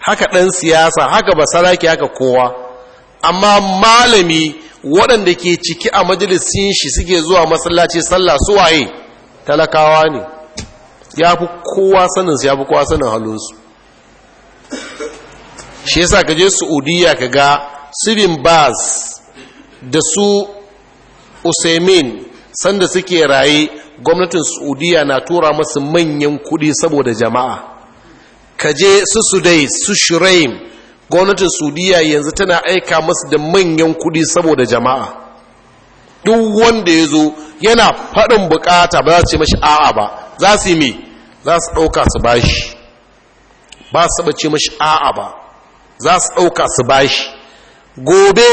haka ɗan siyasa haka ba basaraki haka kowa amma malami waɗanda ke ciki a majalisin shi suke zuwa masallaci sallah waye talakawa ne ya fi kowa saninsu ya fi kowa sanin halinsu shi yasa ka je saudiya ka ga sibin bas da su usaimin sanda suke raye gwamnatin saudiya na tura masu manyan kudi saboda jama'a ka je su sudai su shiraim gwamnatin saudiya yanzu tana aika masu da manyan kudi saboda jama'a duk wanda ya zo yana faɗin bukata ba za su ce mashi a'a ba za su yi mai za su ɗauka su bashi ba su ɓace mashi a'a ba za su ɗauka su bashi gobe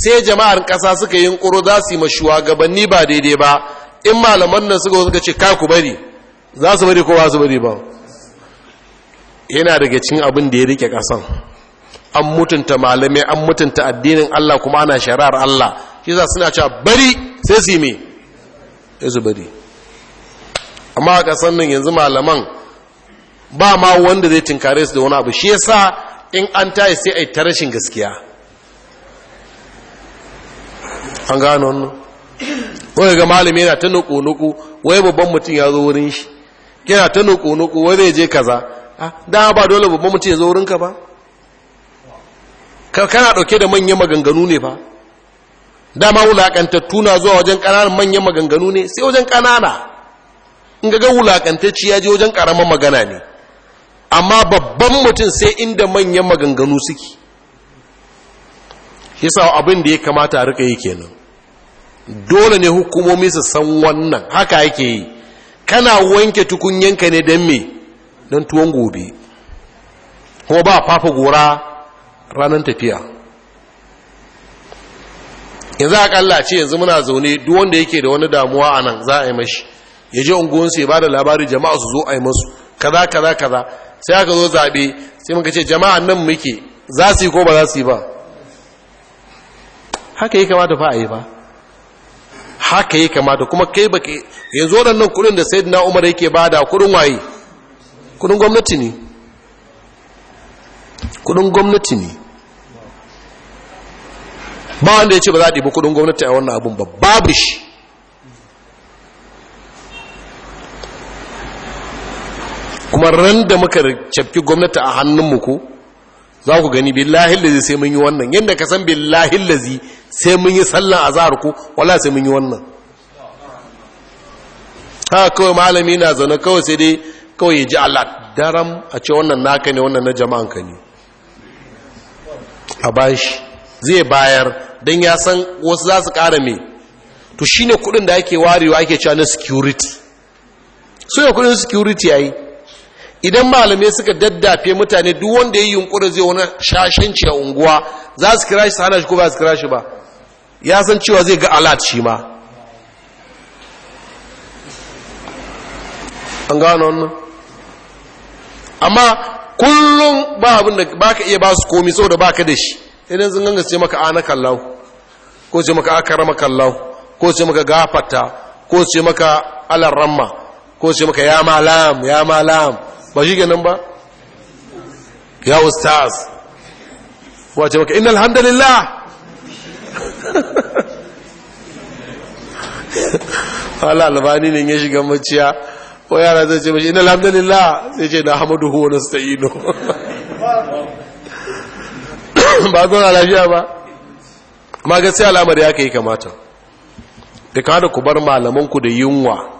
sai jama'ar ƙasa suka yi ƙuro za su yi mashuwa gabanni ba daidai ba in malaman nan suka suka ce ku bari za su bari ko ba su bari ba yana daga cin abin da ya rike ƙasan an mutunta malamai an mutunta addinin Allah kuma ana shari'ar Allah shi za suna cewa bari sai su yi mai!' bari amma a ƙasar nan yanzu malaman ba ma wanda zai tinkare su da wani abu shi yasa in an taye sai a yi ta rashin gaskiya an gano wannan wani ga malami yana ta nuku-nuku wai babban mutum ya zo wurin shi yana ta nuku-nuku wai zai je kaza da ba dole babban mutum ya zo wurinka ba ka kana ɗauke da manyan maganganu ne ba dama wulaƙantattu na zuwa wajen ƙananan manyan maganganu ne sai wajen ƙanana in ga wulakantacci ya je wajen karamar magana ne amma babban mutum sai inda manyan maganganu suke sa abin da ya kamata a rika yi kenan dole ne hukumomi su san wannan haka yake yi kana wanke tukunyanka ne don me don tuwon gobe kuma ba fafa gora ranar tafiya yanzu a kalla ce yanzu muna zaune duk wanda yake da wani damuwa a nan za a yi mashi ya je unguwansu ya ba da labari jama'a su zo a yi masu kaza kaza kaza sai aka zo zaɓe sai muka ce jama'a nan muke za su yi ko ba za su yi ba haka yi kamata fa a yi ba haka yi kamata kuma kai ba yanzu waɗannan kuɗin da sai na umar yake ba da kuɗin waye kuɗin gwamnati ne kuɗin gwamnati ne ba wanda ya ce ba za a ɗiba kuɗin gwamnati a wannan abun ba babu shi kuma ran da muka cafi gwamnati a hannunmu ku, za ku gani billahi lazi sai mun yi wannan yadda ka san billahi lazi sai mun yi sallan azhar ku wala sai mun yi wannan ha kawai malami na zana kawai sai dai kawai ya ji Allah daram a ce wannan naka ne wannan na jama'an ka ne a bashi zai bayar don ya san wasu za su ƙara mai to shine kudin da ake warewa ake cewa na security so ya kudin security yayi idan malamai suka daddafe mutane duk wanda ya yi yunkuri zai wani shashanci a unguwa za su kira shi hana shi ko ba su kira shi ba ya san cewa zai ga alat shi ma an gano wannan amma kullum ba abin da ba ka iya ba su komi saboda ba ka da shi idan sun ganga ce maka ana kallau ko ce maka aka rama kallau ko ce maka gafata ko ce maka alarramma ko ce maka ya malam ya malam ba shi ganin ba ya ustaz wace maka inna alhamdulillah wala <laughs> albani ne ya shiga maciya ko yara zai ce mashi inna alhamdulillah sai ce na hamadu huwa na no <laughs> ba zo na lafiya ba ma gaskiya al'amari ya yi kamata da kada ku bar malamanku da yunwa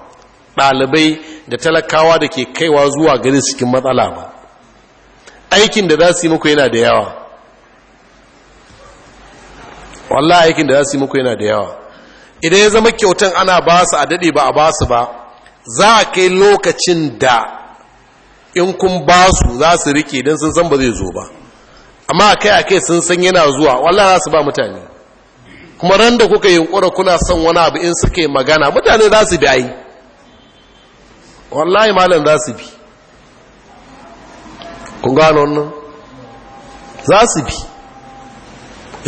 ɗalibai da talakawa da ke kaiwa zuwa gani cikin matsala ba aikin da za su yi muku yana da yawa wallah aikin da za su yi muku yana da yawa idan ya zama kyautan ana ba su a daɗe ba a ba su ba za a kai lokacin da in kun ba su za su rike don sun san ba zai zo ba amma a kai a kai sun san yana zuwa wallah za su ba mutane kuma ran da kuka yunkura kuna son wani abu in suke magana mutane za su bi ai wallahi malam za su bi kun gano wannan za su bi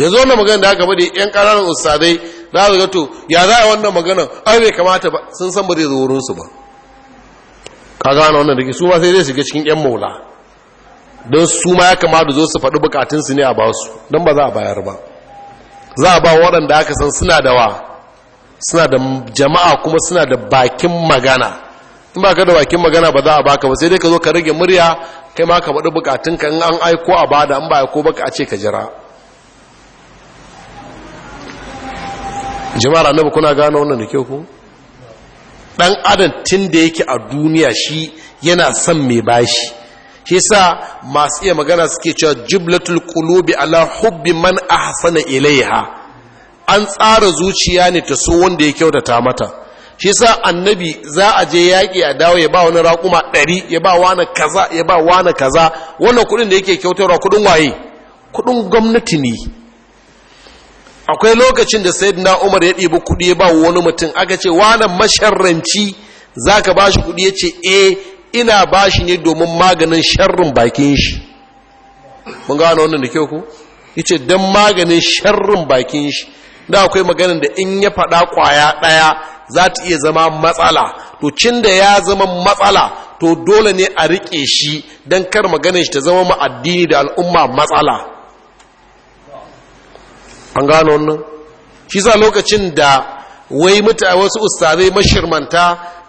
ya zo na magana da aka bade yan ƙananan ustadai za su gato ya za a wannan magana ai bai kamata ba sun san ba zai zo wurinsu ba ka gano wannan da ke su ma sai zai shiga cikin yan maula don su ma ya kamata zo su faɗi bukatunsu ne a ba su don ba za a bayar ba za a ba waɗanda aka san suna da wa suna da jama'a kuma suna da bakin magana in ba ka da bakin magana ba za a baka ba sai dai ka zo ka rage murya kai ma ka faɗi bukatunka in an aiko a bada in ba aiko baka a ce ka jira jama'ar annabi kuna gano wannan da kyau ku dan adam tun da yake a duniya shi yana son mai bashi shi sa masu iya magana suke cewa jiblatul qulubi ala hubbi man ahsana ilaiha an tsara zuciya ne ta so wanda ya kyautata mata shi sa annabi za a je yaƙi a dawo ya ba wani raƙuma ɗari ya ba wani kaza ya ba wani kaza wannan kuɗin da yake kyautarwa kuɗin waye kuɗin gwamnati ne akwai lokacin da sayid na umar ya ɗibi kuɗi ya ba wani mutum aka ce wani masharranci za ka ba shi kuɗi ya ce e ina ba shi ne domin maganin sharrin bakin shi mun gano wannan da kyau ku ya ce don maganin sharrin bakin shi da akwai maganin da in ya faɗa ƙwaya ɗaya za ta iya zama matsala to cin da ya zama matsala to dole ne a riƙe shi don kar maganin shi ta zama ma'addini addini da al'umma matsala an gano wannan shi sa lokacin da wai a wasu ustazai mashirmanta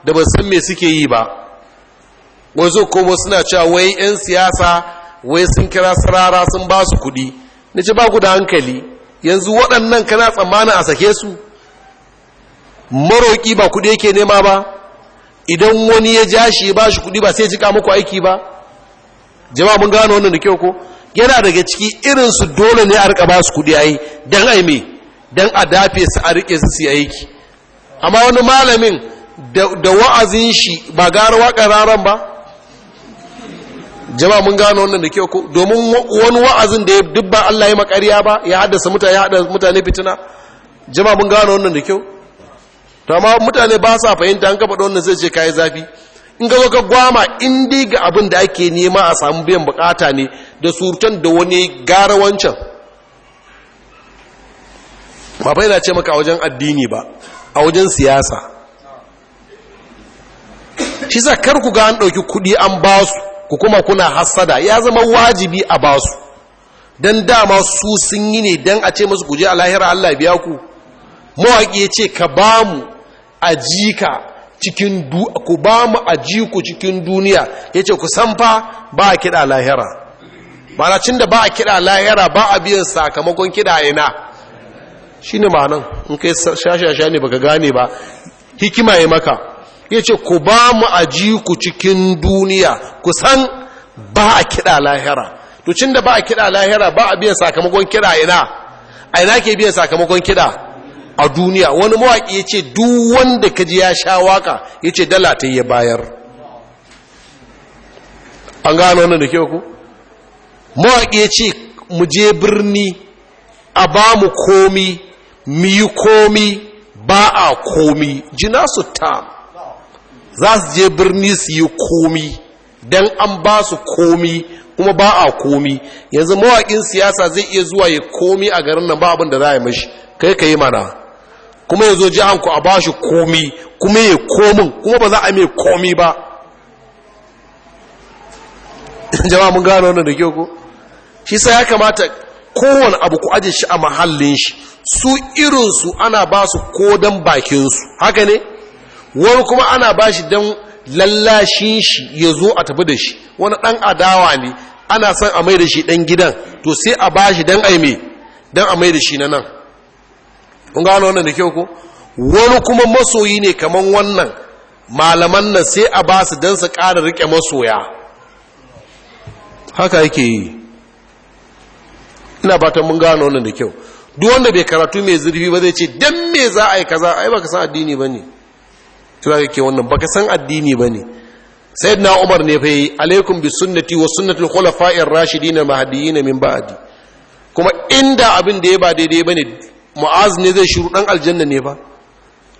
da ba san me suke yi ba wazo kuma suna cewa wai 'yan siyasa wai sun kira sarara sun ba su kuɗi na ce ba ku da hankali yanzu waɗannan kana tsammanin a sake su maroƙi ba kuɗi yake nema ba idan wani ya ja shi ba shi kuɗi ba sai jika muku aiki ba jama'a mun gano wannan da kyau ko yana daga ciki irinsu dole ne a rika ba su kuɗi ai don ai me don a dafe su a rike su su aiki amma wani malamin da wa'azin shi ba gara waƙa raran ba jama'a mun gano wannan da kyau ko domin wani wa'azin da ya dubba Allah ya makariya ba ya haddasa mutane ya haddasa mutane fitina jama'a mun gano wannan da kyau to amma mutane ba sa fahimta an kafa wannan zai ce kai zafi in ga ka gwama in ga abin da ake nema a samu biyan bukata ne da surutan da wani gara wancan ba bai na ce maka a wajen addini ba a wajen siyasa shi sa kar ku ga an ɗauki kuɗi an ba su ku kuma kuna hassada ya zama wajibi a ba su don dama su sun yi ne don a ce masu kuje a lahira Allah biya ku mawaƙi ya ce ka ba mu a jika cikin ku ba mu a cikin duniya ya ce ku san fa ba a kiɗa lahira mana cin da ba a kiɗa lahira ba a biyan sakamakon kiɗa ina shi ne ma'anan in kai shashasha ne baka gane ba hikima ya maka ya ce ku ba mu a ku cikin duniya ku san ba a kiɗa lahira to cin da ba a kiɗa lahira ba a biyan sakamakon kiɗa ina a ina ke biyan sakamakon kiɗa a duniya wani mawaƙi ya ce duk wanda ka ji ya sha waka ya ce dala ta yi bayar an gano wannan da ke ku mawaƙi ya ce mu je birni a ba mu komi mu yi komi ba a komi jina su ta za su je birni su yi komi don an ba su komi kuma ba a komi yanzu mawaƙin siyasa zai iya zuwa ya komi a garin nan ba abin da za a yi mashi kai ka yi mana kuma ya zo jihanku a ba shi komi kuma ya komin kuma ba za a mai komi ba <laughs> jama'a mun gano wannan da kyau ko shi sai ya kamata kowane abu ku aje shi a mahallin shi su irinsu ana ba su ko bakinsu haka ne wani kuma ana ba shi don lallashin shi ya zo a tafi da shi wani dan adawa ne ana son a mai da shi dan gidan to sai a ba shi don aime don a mai da shi na nan kun gano wannan da kyau ko wani kuma masoyi ne kaman wannan malaman nan sai a ba su don su ƙara riƙe masoya haka yake yi ina fatan mun gano wannan da kyau duk wanda bai karatu mai zurfi ba zai ce dan me za a yi kaza ai baka san addini bane kira yake wannan baka san addini bane sayyidina umar ne fa yi alaikum bi sunnati wa sunnatul khulafa'ir rashidin mahdiyyin min ba'di kuma inda abin da ya ba daidai bane mu'az ne zai shiru dan aljanna ne ba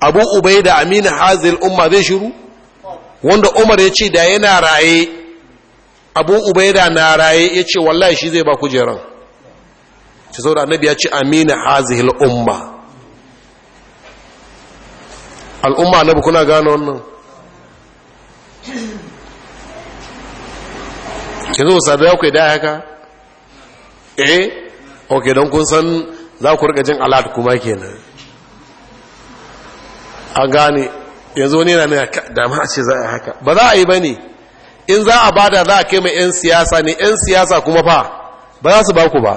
abu ubai da amina hazil umma zai shiru wanda umar ya ce da yana raye abu ubai da na raye ya ce wallahi shi zai ba kujeran ci sau da annabi ya ce amina hazil umma al'umma na kuna gane wannan yanzu zo da ya kai da haka eh ok don kun san za ku rika jin alat kuma kenan a gane yanzu wani yana nuna dama a ce za a haka ba za a yi ba ne in za a bada za a kai mai 'yan siyasa ne 'yan siyasa kuma fa ba za su ba ku ba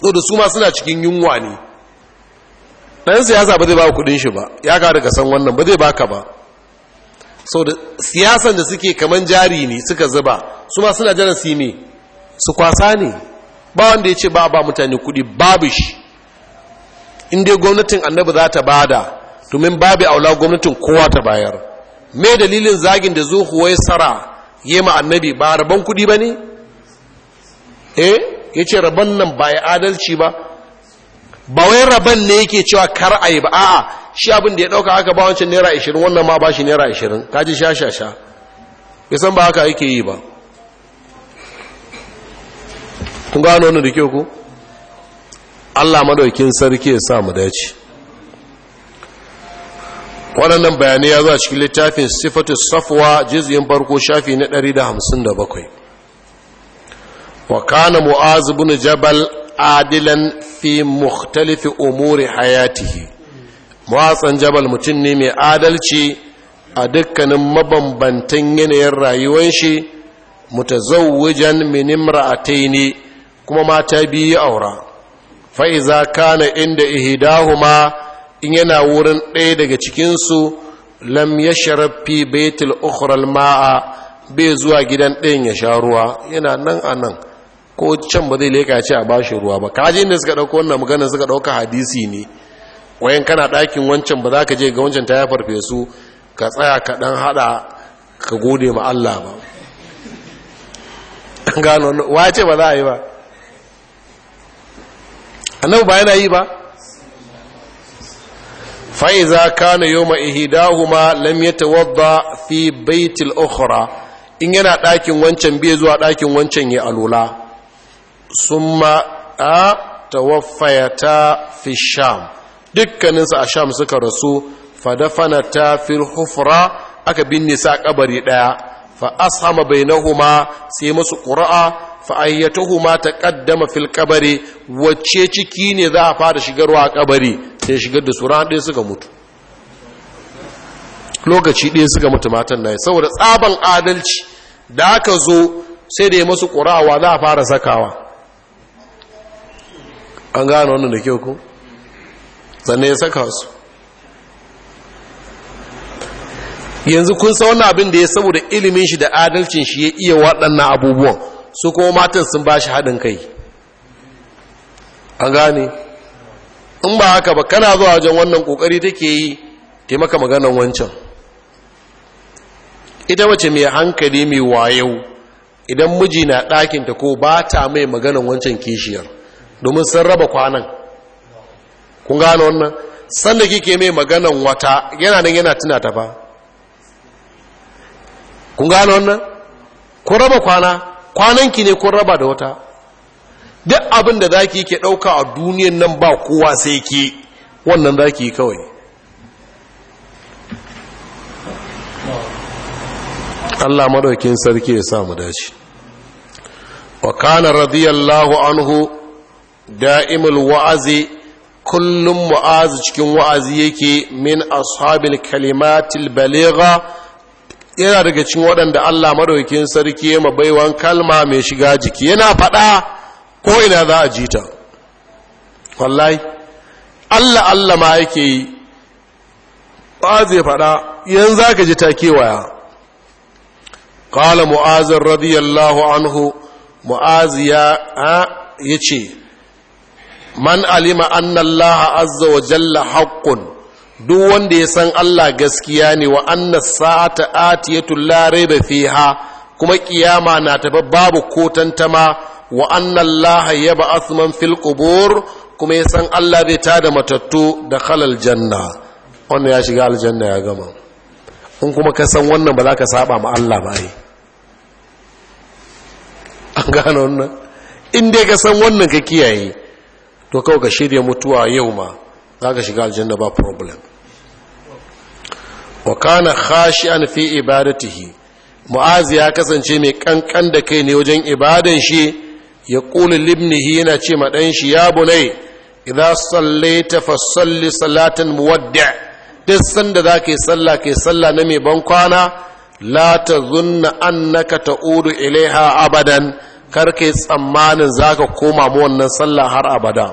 so da su ma suna cikin yunwa ne ɗan siyasa ba zai ba kudin shi ba ya ka daga san wannan ba zai baka ba so da siyasan da suke kaman jari ne suka zuba su ma suna jiran su yi su kwasa ne ba wanda ya ce ba ba mutane kudi babu shi inda gwamnatin annabi za ta bada domin babu aula gwamnatin kowa ta bayar me dalilin zagin da zuhu wai sara yi ma annabi ba rabon kudi ba ne eh ya ce rabon nan ba ya adalci ba ba wai rabon ne yake cewa kar a yi ba a'a shi abin da ya ɗauka haka ba wancan naira ashirin wannan ma ba shi naira ashirin kaji sha sha sha ya san ba haka yake yi ba kun gano wani da kyau ku Allah madaukin sarki ya sa mu dace waɗannan bayanai ya zo a cikin littafin sifatu safwa jizyin farko shafi na 157 wa kana mu'az ibn jabal adilan fi mukhtalif umuri hayatihi mu'azan jabal mutum ne mai adalci a dukkanin mabambantan yanayin rayuwar shi mutazawwijan min imra'ataini kuma mata biyu aura fa'iza kana inda ihidahuma in yana wurin ɗaya daga cikinsu lam ya sharafi baitul ukhral ma'a bai zuwa gidan ɗayan ya sha ruwa yana nan a nan ko can ba zai leka ce a shi ruwa ba kaji inda suka ɗauka wannan magana suka ɗauka hadisi ne wayan kana ɗakin wancan ba za ka je ga wancan ta ya farfe su ka tsaya ka ɗan haɗa ka gode ma Allah ba <laughs> gano wa ce ba za a yi ba annabu ba yana yi ba fa'iza kana yawma dahuma lam wadda fi baitil ukhra in yana ɗakin wancan biye zuwa ɗakin wancan ya alula ma a ta fi sham dukkaninsa a sham suka rasu ta fi hufra aka binne sa kabari daya fa ashama bainahuma sai masu ƙuri'a. fa ayyatuhu ma taqaddama fil qabri wacce ciki ne za a fara shigarwa a kabari sai shigar da su ran ɗaya suka mutu lokaci ɗaya suka mutu matan yi saboda tsaban adalci da aka zo sai da ya masu ƙurawa za a fara sakawa an gano wannan da kyau ko sannan ya saka su yanzu kun sa wannan abin da ya saboda ilimin shi da adalcin shi ya iya waɗannan abubuwan su kuma matan sun ba shi haɗin kai an gane in ba haka ba kana zuwa wajen wannan ƙoƙari take yi taimaka maganan wancan ita wace mai hankali mai wayau idan miji na ɗakinta ko ba ta mai maganan wancan kishiyar domin sun raba kwanan kun gane wannan sanda kike mai maganan wata yana nan yana tuna ta ba kun gane wannan ku raba kwana kwananki ne kun raba da wata duk abin da za ki ke ɗauka a duniyan nan ba kowa sai ki wannan za ki kawai Allah maɗaukin sarki ya samu dace wa kana radiyallahu anhu da'imul wa'azi kullum wa'azi cikin wa'azi yake min ashabil kalimatil baligha yana daga cikin waɗanda Allah maɗaukin sarki ya mabaiwan kalma mai shiga jiki yana faɗa ko ina za a ji ta wallahi Allah Allah ma yake yi ba zai faɗa yanzu ka ji ta kewaya ƙala mu'azin radiyallahu anhu mu'azi ya yace man alima annallaha azza wa jalla haƙƙun. duk wanda ya san Allah gaskiya ne wa annas sa'ata atiyatul la raiba fiha kuma kiyama na tafi babu ko tantama wa anna Allah yab'ath man fil qubur kuma ya san Allah zai tada matattu da khalal janna wannan ya shiga aljanna ya gama in kuma ka san wannan ba za ka saba ma Allah ba ai an gano wannan in dai ka san wannan ka kiyaye to kawai ka shirya mutuwa yau ma za ka shiga aljanna ba problem wa kana khashi'an fi ibadatihi mu'azi ya kasance mai kankan da kai ne wajen ibadan shi ya qulu libnihi yana ce ma dan shi ya bunai idza sallaita salli salatan muwaddi' duk sanda zaka yi sallah kai sallah na mai ban kwana la zunna annaka ta'udu ilaiha abadan kar kai tsammanin zaka koma mu wannan sallah har abada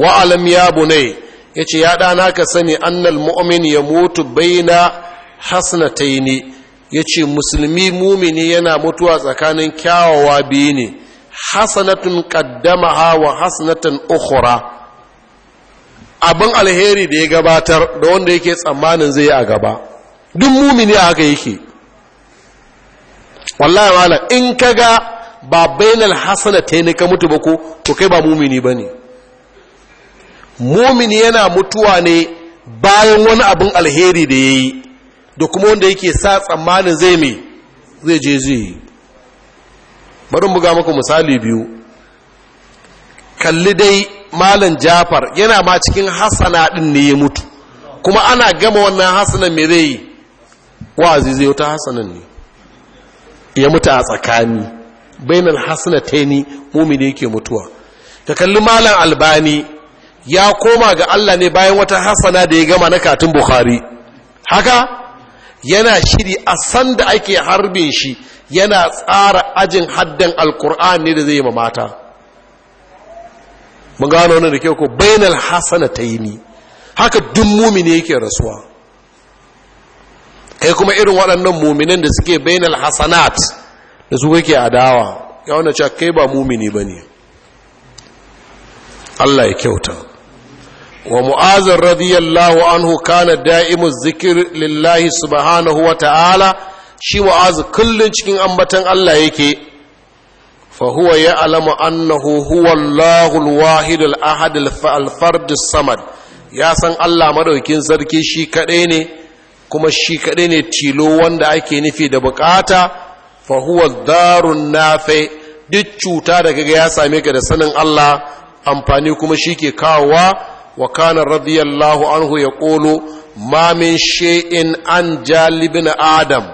wa alam ya bunai ya ce ya ɗana ka sani annal mu'min ya mutu baina hasnataini ya ce musulmi mumini yana mutuwa tsakanin kyawawa biyu ne hasanatun ƙaddama wa hasanatun ukhra abin alheri da ya gabatar da wanda yake tsammanin zai yi a gaba duk mumini haka yake wallahi wala in kaga ba bainal hasanataini ka mutu ba ko to kai ba mumini bane mumini yana mutuwa ne bayan wani abin alheri da ya yi da kuma wanda yake sa tsammanin zai mai zai je zai yi bari buga maka misali biyu kalli dai malam jafar yana ma cikin hasana din ne ya mutu kuma ana gama wannan hasanan mai zai yi zai wata hasanan ne ya mutu a tsakani yi ne mumini yake mutuwa ka kalli malam albani ya koma ga Allah ne bayan wata hasana da ya gama na katin bukhari haka yana shiri a san da ake harbin shi yana tsara ajin haddan alkur'an ne da zai yi mata mun gano wani da ke ko bainal hasana ta yi ni haka duk mumini yake rasuwa kai kuma irin waɗannan muminin da suke bainal hasanat da su kake adawa ya wanda cewa kai ba mumini ba ne Allah ya kyauta wa mu'azin radiyallahu anhu kana da'imu zikir lillahi subhanahu wa ta'ala shi mu'azu kullum cikin ambatan Allah yake fa huwa ya'lamu annahu huwa Allahu al-wahid al ya san Allah maɗaukin sarki shi kadai ne kuma shi kadai ne tilo wanda ake nufi da bukata fa huwa darun nafi duk cuta daga gaya ya same ka da sanin Allah amfani kuma shi ke kawowa wa kana radiyallahu anhu ya ƙolo mamin sha'in she'in an jalibin adam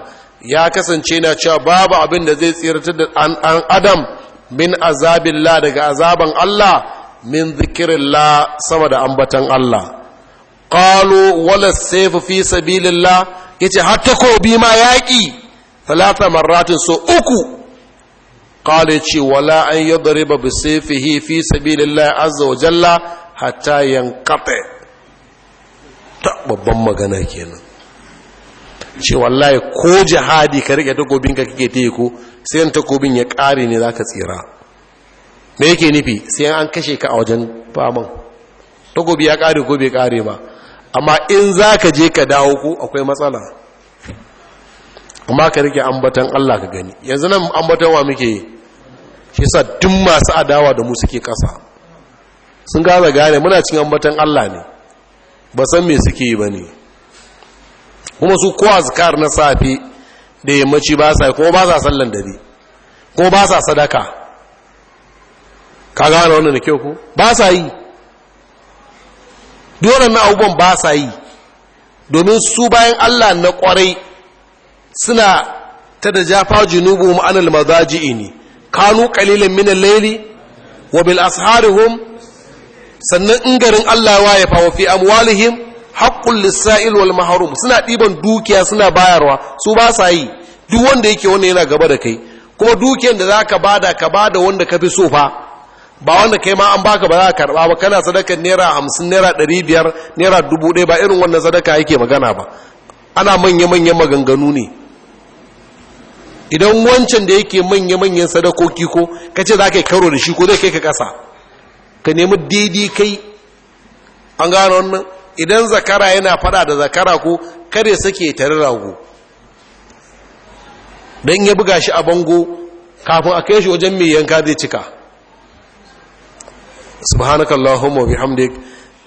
ya kasance na cewa babu abin da zai tsirtar da an adam min azabillah daga azaban Allah min zikirillah sama da ambatan Allah qalu wala sayfu fi sabilillah yace har takobi ma yaƙi talata marratin so uku qala yace wala an yadriba bi sayfihi fi sabilillah azza wa jalla hatta kafe ta babban magana kenan ce wallahi ko jihadi ka rike takobin ka kike ta sai yan takobin ya kare ne za ka tsira me yake nufi sai an kashe ka a wajen faman takobi ya kare ko bai kare ba amma in za ka je ka dawo ko akwai matsala amma ka rike ambatan Allah ka gani yanzu nan ambatan wa muke shi sa duk masu adawa da mu suke kasa sun gaza gane muna cin ambatan Allah ne ba san me suke yi ba ne kuma su ko azkar na safe da yammaci ba sa ko ba sa sallan dare ko ba sa sadaka ka gane wannan da kyau ko ba sa yi dole na abubuwan ba sa yi domin su bayan Allah na kwarai suna ta da jafa junubu ma'anar mazaji'i ne kanu kalilan minan laili wa bil asharihum sannan in garin Allah waye fa wa fi amwalihim haqqul lisa'il wal mahrum suna diban dukiya suna bayarwa su ba sa yi duk wanda yake wanda yana gaba da kai kuma dukiyar da zaka bada ka bada wanda ka so fa ba wanda kai ma an baka ba za ka karba ba kana sadakar naira hamsin naira ɗari biyar naira dubu ɗaya ba irin wannan sadaka yake magana ba ana manya-manyan maganganu ne idan wancan da yake manya-manyan sadakoki ko kace ce za ka yi karo da shi ko zai kai ka ƙasa ka nemi daidai kai an gano wannan idan zakara yana fada da zakara ko kare sake tare rago don ya buga shi a bango kafin a kai shi wajen mai yanka zai cika subhanakallahumma bihamdik hamdik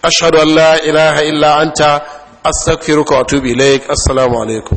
ashadu allah ilaha illa anta astaghfiruka wa tubi assalamu alaikum